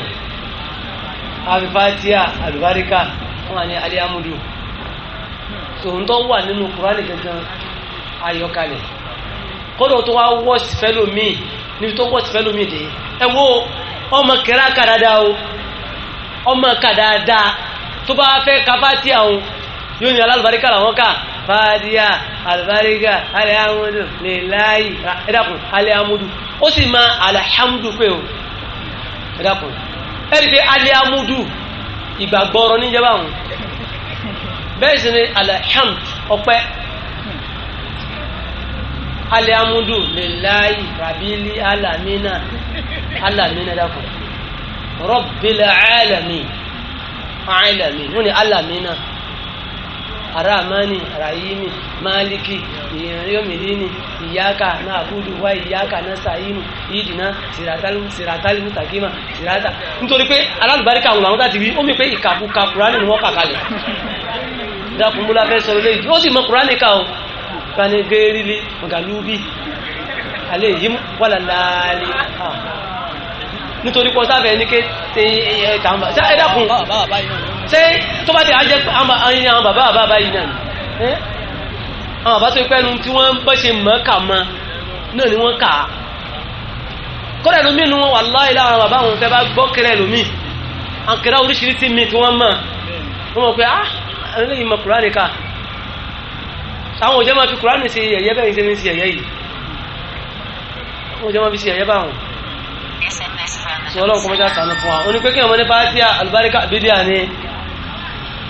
àfi fati alálùbáríkà wọn wà ní aliamu dùn tòun tó wà nínú kúránì gangan ayọkalẹ̀ kọ́dọ̀ tó wá wọ́ọ̀sì fẹ́lòmíì níbi tó pọ̀ ti fẹ́ lómi dé ẹ wo ọmọ kẹrà kà dáadáa o ọmọ kà dáadáa tó bá fẹ́ ka fátíà o yóò ní alálùbáríkà làwọn kà fàdíà alùbáríkà alihamudu lilayi ẹ dákun alihamudu ó sì máa alihamudu pé o ẹ dákun pé alihamudu ìgbàgbọ́rọ̀ níjẹ́ báwọn bẹ́ẹ̀ sì ni alhamd ọpẹ́ aliamudu lilayi rabili alamina alamina dako rọbìlà alami alami wọn ni alamina aramani arayimi maliki yomidini iyaka na abudu wa iyaka na sayinu idina siratali siratali mutakima sirata nítorí pé alálùbáríkà àwọn àwọn tàbí ó mi pé ìkàkùkà kùránì ni wọ́n kà kalẹ̀ dákùnmúlá fẹ́ sọ lórí ó sì mọ kùránì ká o kani gerili nga lubi alehim wala laali nítorí kọ́ sáfẹ́ ní ké ẹ tàǹbà ṣe ẹ dákun ṣe tó bá ti ajẹ́ ayin àwọn bàbá bàbá yìí náà ni àwọn bàbá tó pẹ́nu tí wọ́n bá ṣe mọ́kà mọ́ náà ni wọ́n kà á kọ́dà lómi nu wọn wà láì láwọn bàbá wọn fẹ́ bá gbọ́ kẹrẹ lómi àkẹrẹ oríṣiríṣi mi tí wọ́n mọ̀ wọ́n mọ̀ ah ẹni lè yìí mọ̀ kúránì àwọn òjò máa fi kùránì ṣe yẹ̀yẹ́ bẹ́ẹ̀ ní ṣe ní ṣe yẹ̀yẹ́ yìí àwọn òjò máa fi ṣe yẹ̀yẹ́ bá wọn. sọ ọlọ́run kọ́ mọ́jà sànù fún wa ó ní pé kí ọmọ ní fàtíà àlùbáríkà bídíà ni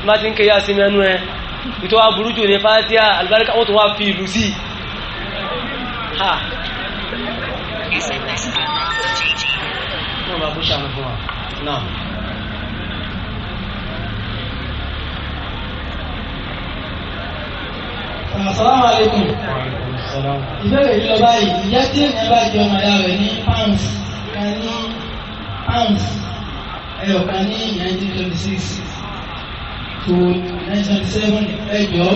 bá ti ń kéyà sí mẹ́nu ẹ ìtọ́ wa burú jù ní fàtíà àlùbáríkà wọ́n tún wá fi ìlú sí i. wọ́n máa fún wa náà. Assalamu alaikum. Ìbéèrè yìí lọ báyìí, ìyá tí èèyàn bá jẹ ọmọ rẹ̀ ní pounds kan ní pounds ẹyọ kan ní nineteen to nineteen twenty seven ẹjọ́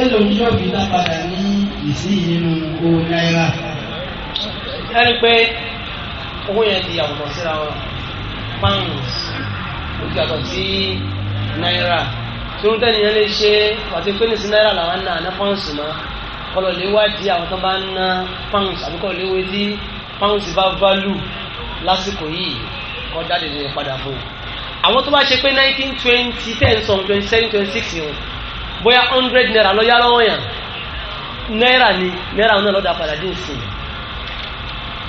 èlò ní yóò fi dá padà ní ìsinyìí nínú owó náírà. Ẹ rí pé owó yẹn di àwòrán síra pounds ó ti yàtọ̀ sí náírà tó ń tẹ́lẹ̀ yẹn lè ṣe wàtí pé nísìn náírà làwọn ń ná àná pọ́ùnsì mọ́ kọlọ̀ lè wádìí àwọn tó bá ń ná pọ́ùnsì àbí kọlọ̀ lè wé tí pọ́ùnsì bá válù lásìkò yìí kọ́ jáde lè padà fún un. àwọn tó bá ṣe pé nineteen twenty ten sọ̀rọ̀ twenty seven twenty six yẹn bóyá hundred naira lọ́ọ́ yá lọ́wọ́ yẹn náírà ni náírà náà lọ́ọ́ dà padà dín sí i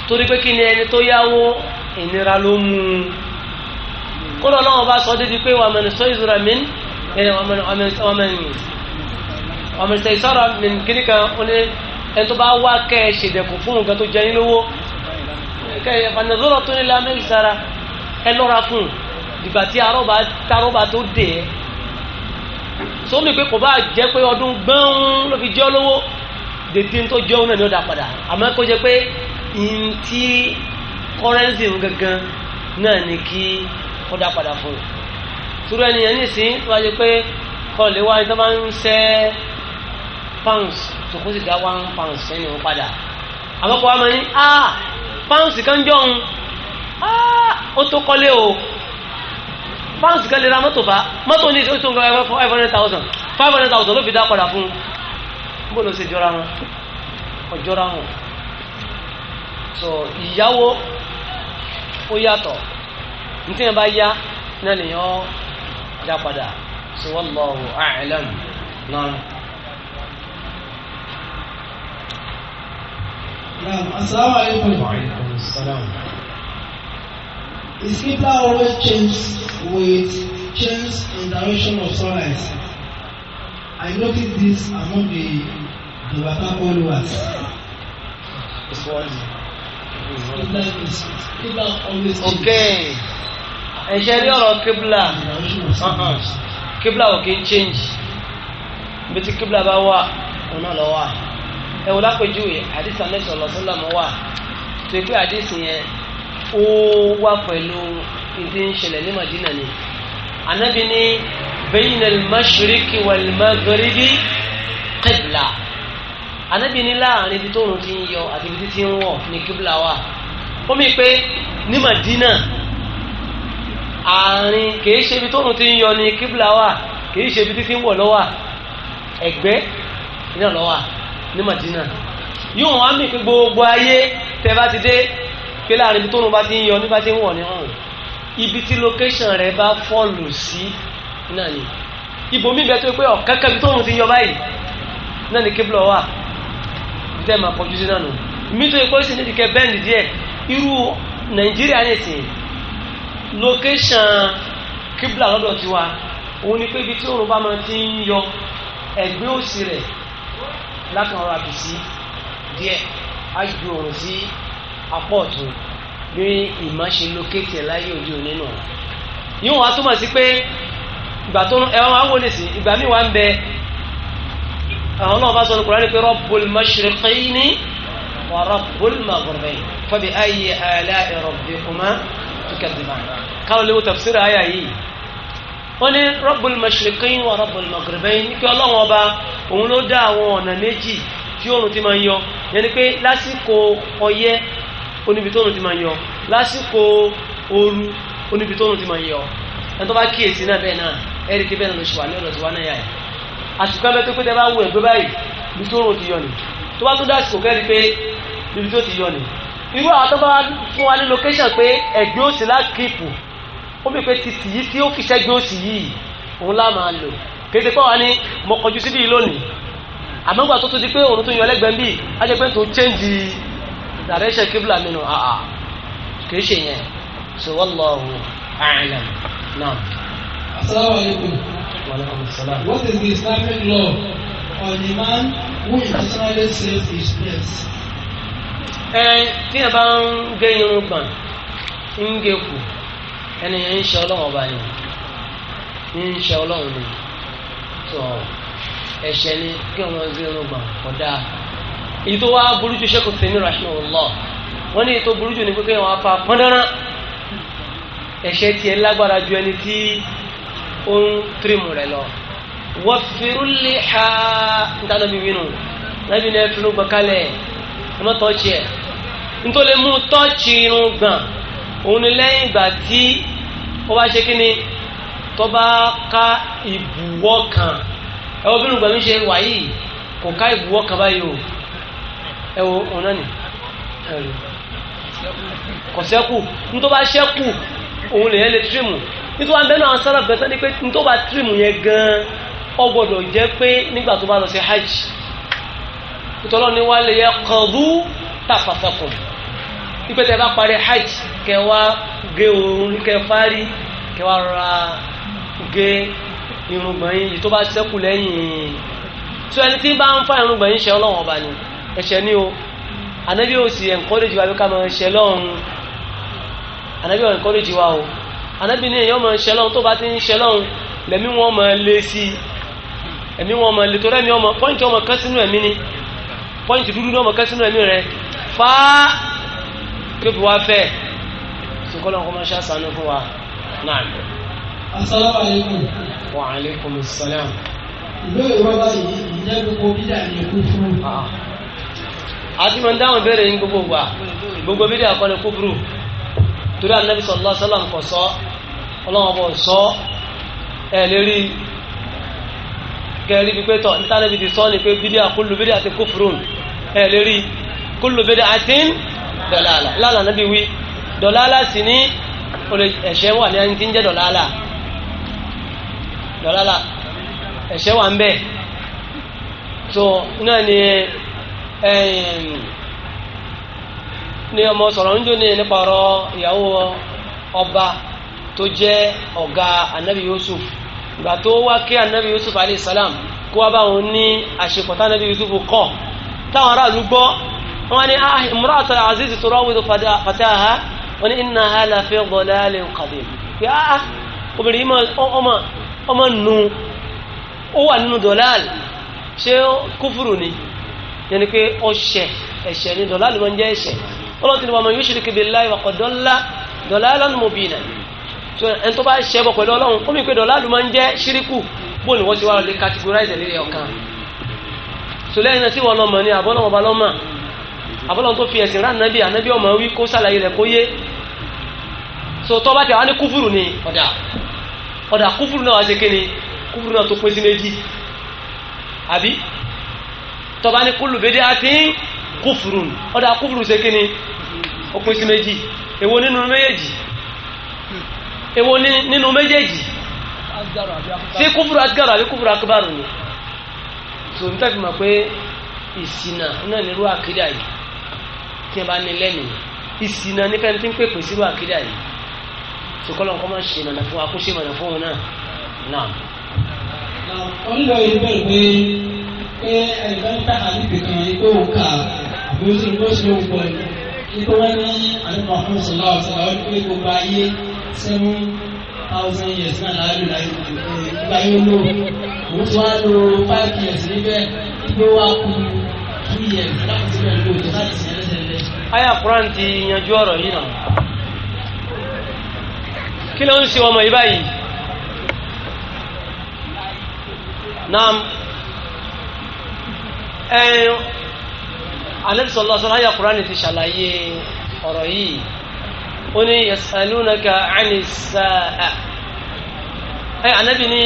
torí pé kí ni ẹni tó yáwó ìnira ló mú un kó lọ́ọ́ lọ́wọ́ bá sọ ẹni ọmọ ìṣẹ́ ìṣọ́ra mìnkiri kan ó ní ẹni tó bá wá kẹ́ ẹ ṣèdẹ̀kù fún nǹkan tó jẹ yín lówó kẹ́ ẹ fanadọ́rọ̀ tó nílẹ̀ amẹ́rì sára ẹ lọ́ra fún dìgbà tí arọ́bà tarọ́bà tó dè é sómi pé kò bá jẹ́ pé ọdún gbọ́n ló fi jẹ́ lówó dètí tó jẹ́ òun náà ni ó padà àmọ́ kó jẹ́ pé ntí kọ́rẹ́nsì gangan náà ni kí ó padà fún un turu ẹnìyàn nísìnyí tó wájú pé kọ́ọ̀lì wáyé tó bá ń sẹ́ pounds tó kó sì dá one pounds sẹ́ni wọn padà àmọ́kọ́ wa máa ní ah pounds kan jọ̀hún ah ó tó kọ́lé o pounds kan lè ra mọ́tò bá mọ́tò ní ìṣòwò tó ń gba five hundred thousand five hundred thousand ló fi dá padà fún un bó ló ṣe jọra wọn ọjọ́ra wọn so ìyàwó ó yàtọ̀ ní tí yẹn bá yá náà lèyàn ọ́. dá padà so wallahu a'lam náà. Assalamu alaikum. Is Qibla always changed with change in direction of sunrise. I noticed this among the the Waka followers. This one. is always changes. Okay. ẹ̀ṣẹ́ rí ọ̀rọ̀ kíbla uh-huh. kíbla ò kí ń change bí tí kíbla bá wà òun náà lọ wà ẹ wò lápèjúwe àdìsí àlẹ́sọ̀ lọ́sọ́lá mọ́ wà tó pé àdìsí yẹn ó wà pẹ̀lú ìdí ń ṣẹlẹ̀ ní Madina ni anabi ni bayna al-mashriqi wal-maghribi kíbla anabi ni láàrin ibi tó òun ti ń yọ àti ibi tí ń wọ̀ ní kíbla wà ó mi pé ní Madina àárín kìí ṣe ibi tóun ti ń yọ ní kíbla wà kìí ṣe ibi títí ń wọ̀ lọ́wà ẹ̀gbẹ́ ní ọ̀lọ́wà ní Madina yóò wọ́n á mì pé gbogbo ayé tẹ́ bá ti dé pé láàrin ibi tóun bá ti ń yọ nígbà tí ń wọ̀ ní ọ̀hún ibi tí location rẹ bá fọ́ọ̀lù sí náà ni ibòmí bẹ tó pé ọ̀kẹ́kẹ́ ibi tóun ti ń yọ báyìí náà ni kíbla wà tẹ́ máa kọjú sí náà nù mí tó yẹ kó sì ní ìdíkẹ́ bẹ́ẹ̀ndì díẹ̀ irú Nàìjíríà location kíbla lọ́dọ̀ ti wa òun ni pé ibi tí òun bá máa ti ń yọ ẹ̀gbẹ́ òsì rẹ̀ látàn ọ̀rọ̀ àbìsí díẹ̀ á ju òun sí apọ̀ ọ̀tún bí ìmọ̀ ṣe locate ẹ̀ láyé òde òní nù. yíò wá túmọ̀ sí pé ìgbà tó ẹ wọn á wò lè sí ìgbà míì wá ń bẹ àwọn náà bá sọ ní Kùránì pé Rabbul mashriqayni wa Rabbul maghribayni fa bi ayyi ala'i rabbikuma tukadhiban káwọn lè wo tafsir àyà yìí wọ́n ní rabbul mashriqayn wa rabbul maghribayn ní kí ọlọ́wọ́n ọba òun ló dá àwọn ọ̀nà méjì tí oòrùn ti máa ń yọ yẹn ni pé lásìkò ọyẹ́ oníbi tóòrùn ti máa ń yọ lásìkò ooru oníbi tóòrùn ti máa ń yọ ẹni tó bá kíyèsí náà bẹ́ẹ̀ náà ẹ̀rí kí bẹ́ẹ̀ náà ló ṣe wà ní ọ̀nà tí wọ́n náà yà yìí àsìkò abẹ́ tó pété bá wù ẹ̀ pé báyìí ibi tóòrùn ti yọ ni tó bá tó dá àsìkò kẹ́rì irú àwọn tó fún wa ní location pé ẹ̀gbẹ́ òsì lákìpù ó mi pé títì yìí tí ó fi ṣẹ́gbẹ́ òsì yìí òun lá lò kéde pé wà ní mo kọjú síbí lónìí àmọ́ tó tún di pé òun tó yan ẹlẹ́gbẹ̀ẹ́ bíi á pé tó chẹ́ǹjì direction kíbla mi àà kìí ṣe yẹn so wallahu a'lam náà. asalaamualeykum. wa aleykum what is the Islamic law on a man who intentionally saves his place? ẹ tí ẹ bá ń gé irun kan ń gé kù ẹni ń ṣe ọlọ́run ọba ni ń ṣe ni tó ẹ̀ṣẹ̀ ni kí ọmọ gé irun gbọ̀n kọ̀dá èyí tó burú ju ṣẹ́kù sí ní rahimahullah wọ́n ní èyí burú jù ní pípé wọn fa pọ́ndánrán ẹ̀ṣẹ̀ tiẹ̀ ju ẹni tí ó ń rẹ̀ lọ wọ́n ha ń ẹ má tọ́ọ̀ṣì ẹ̀ nítorí lè mú tọ́ọ̀ṣì irun gbọ̀n òun ni lẹ́yìn ìgbà tí ó bá ṣe kí ni tó bá ká ìbùwọ́ kan ẹ wo bí irun gbọ̀n mi ṣe wà yìí kò ká ìbùwọ́ kan báyìí o ẹ òun náà nì kò sẹ́kù nítorí bá sẹ́kù òun lè yẹn lè tírìmù nítorí wọn bẹ́ẹ̀ náà sára bẹ́ẹ̀ sani pé nítorí bá tírìmù yẹn gan-an gbọ́dọ̀ jẹ́ pé nígbà tó bá lọ sí hajj ìtọ́lọ́ ni wá lè yẹ kọ̀ọ̀dú tàfàfàkùn ipe tẹ bá parí hajj kẹ wá gé òun kẹ fárí kẹ wá ra gé irùngbọ̀n yìí tó bá ṣẹ́kù lẹ́yìn tó ẹni tí bá ń fa irùngbọ̀n yìí ṣe ọlọ́wọ́n ọba ni ẹ̀ṣẹ̀ ni o ànábì ò sì encourage wa bí ká máa ṣe lọ́hùn ànábì ò encourage wa o ànábì ni èèyàn máa ṣe lọ́hùn tó bá ti ń ṣe lọ́hùn lẹ́mí wọn máa lé sí i ẹ̀mí wọn máa lè tó rẹ́mi ọmọ pọ́ǹtì ọmọ kan sínú ẹ̀mí ni pọ́ǹtì dúdú náà mọ̀kẹ́ sínú ẹ̀mí rẹ̀ fá yóò fi wá fẹ́ ṣùgbọ́n ọkọ̀ máa ṣàṣàánú fún wa náà. asalaamualeykum. wa aleykum salaam. ìlú ìwọ báyìí ìjẹ́ gbogbo bídà ni èkó fún mi. àti mọ̀ ń dáhùn ìbéèrè yín gbogbo wa gbogbo bídà àkọlẹ̀ kúburú torí anabi sallallahu alaihi wasallam kò sọ ọlọ́wọ́n bọ̀ sọ ẹ lérí kẹrí pípẹ́ tọ̀ níta níbi ti sọ ni pé bídà kullu bídà ti kufrun ẹ̀ lérí kullu bid'atin dọ̀làlà lálà níbi wí dọ̀làlà sì ní ẹ̀ṣẹ̀ wà ní ẹni tí ń jẹ́ dọ̀làlà dọ̀làlà ẹ̀ṣẹ̀ wà ń bẹ̀ so náà ni ni ọmọ sọ̀rọ̀ ń jóni nípa ọ̀rọ̀ ìyàwó ọba tó jẹ́ ọ̀gá anabi yusuf ìgbà tó wá kí anabi yusuf alayhi salam kó wá bá òun ní àṣepọ̀tá anabi yusuf kọ́ táwọn aráàlú gbọ́ wọ́n ní ah imra'at al-aziz turawidu fataha wọ́n ní innaha la fi dalalin qadim pé ah, ah obìnrin ọmọ ọmọ nù ó wà nínú dọ̀láàlì ṣé kúfùrù ni yẹn ni pé ọ̀ṣẹ̀ ẹ̀ṣẹ̀ ni dọ̀láàlì máa ń jẹ́ ẹ̀ṣẹ̀ ọlọ́tìní wa man yushrik billahi faqad dalla dalalan mubina so ẹni tó bá ṣẹbọ pẹ̀lú ọlọ́run ó mi pé dọ̀láàlì máa jẹ́ ṣíríkù bóun wọ́n ti wá lè categorize ẹ̀ lé ọ̀kan sọlẹ́ yìí náà tí wọ́n lọ mọ̀ ní abọ́lọ́wọ́ bá lọ́mọ̀ abọ́lọ́wọ́ tó fi ẹ̀sìn rán nàbí ànábí ọmọ wí kó sàlàyé rẹ̀ kó yé so tọ́ bá tẹ̀ wá ní kúfùrù ni ọ̀dà ọ̀dà kúfùrù náà wá ṣe kíni kúfùrù náà tó pín sí méjì àbí tọ́ bá ní kúlù bédé àti kúfùrù ọ̀dà kúfùrù ṣe kíni ó pín sí méjì èwo nínú méjèèjì èwo nínú méjèèjì sí kúfùrù asgaru àbí kúfùrù akbaru ni sòwò níta fi mọ̀ pé ìsìnà náà nírú àkídà yìí tí wọ́n bá ní lẹ́nu ìsìnà nífẹ̀ẹ́ ní tí ń pèpè sírú àkídà yìí sòkòlò nǹkan máa ṣe ìmọ̀nà fún wa kó ṣe ìmọ̀nà fún òun náà náà. onílọ yìí bẹ̀rẹ̀ pé pé ẹ̀ka ń ta àdìpì kan ipò òǹkà àbúrò lóṣù lóògbọ̀ ipò wọn ní àdìpọ̀ fún sọ̀lá ọ̀sẹ̀ thousand years náà láàlú láyé láyé lò òun tó wá lo five years níbẹ̀ tó wá kú two years láti sílẹ̀ lò tó láti sílẹ̀ lẹ́sẹ̀ aya quran ti yanjú ọ̀rọ̀ yìí náà kí ló ń ṣe ọmọ yìí báyìí naam ẹ̀ẹ́n alẹ́ sọ̀lọ́sọ̀rọ̀ aya quran ti ṣàlàyé ọ̀rọ̀ yìí ó ní yasalunaka ani saa ẹ anabi ní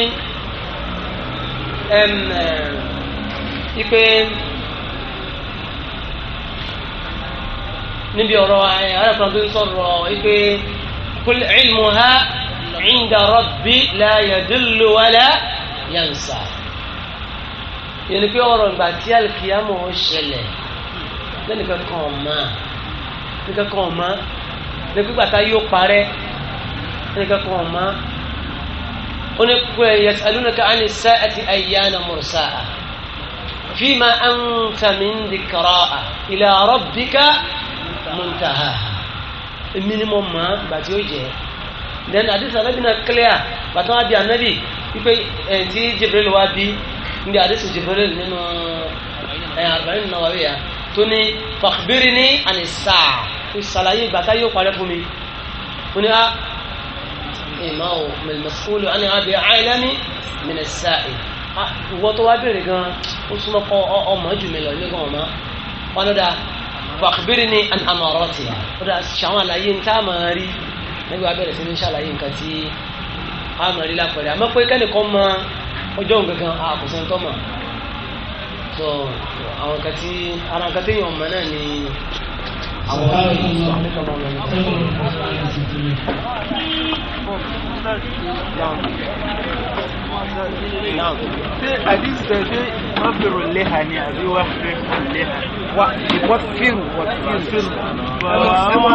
eh, ipe níbi ọ̀rọ̀ arákùnrin tó ń sọ̀rọ̀ ipe kul ilmuha inda rabbi la yadillu wala yansa yẹni pé ọ̀rọ̀ ìgbà tí alikiyama ó ṣẹlẹ̀ lẹ́nìkan kan ọ̀ máa nìkan lẹ́gbẹ́gbàtà yóò parẹ́ ẹnìkan kan ọ̀ma ó ní pẹ́ yasalunaka ani sa'ati ayyana mursaha fima anta min dhikraha ila rabbika muntaha èmi ni mo mọ̀ ọ́ gbàtí ó jẹ́ then àdìsí anabi náà clear bàtà wà bí anabi wípé ẹ̀ tí jibril wà bí ndí àdìsí jibril nínú ẹ̀ àrùbáyìn náà wà wíyà tó ní fakhbirni ani sa'a kò sàlàyé ìgbà táyé ò parẹ́ fún mi ó ní á ìmọ̀ ò mẹ̀lẹ́mẹ̀sọ́lù á ní á bẹ àìlẹ́mí mìnẹ̀sà ìwọ tó wá bèrè gan ó súnmọ́ kọ́ ọmọ jù mí lọ nígbà ọmọ wọn dá wàkùbírí ni àmọ̀rọ̀ tì ó dá ṣàwọn àlàyé ń tá a máa rí nígbà bẹ̀rẹ̀ sí ní ṣàlàyé nǹkan tí a máa rí lápẹ̀rẹ̀ àmọ́ pé kẹ́nìkan mọ ọjọ́ nǹkan kan àkùsẹ̀ńtọ́ so àwọn kan tí ara kan téèyàn mọ̀ náà ni àwọn káàrọ̀ yìí sọ. ṣé àdìsẹ̀ ṣé wọ́pẹ̀rù léha ni àbí wọ́pẹ̀rù léha? wọ́pẹ̀rù wọ́pẹ̀rù.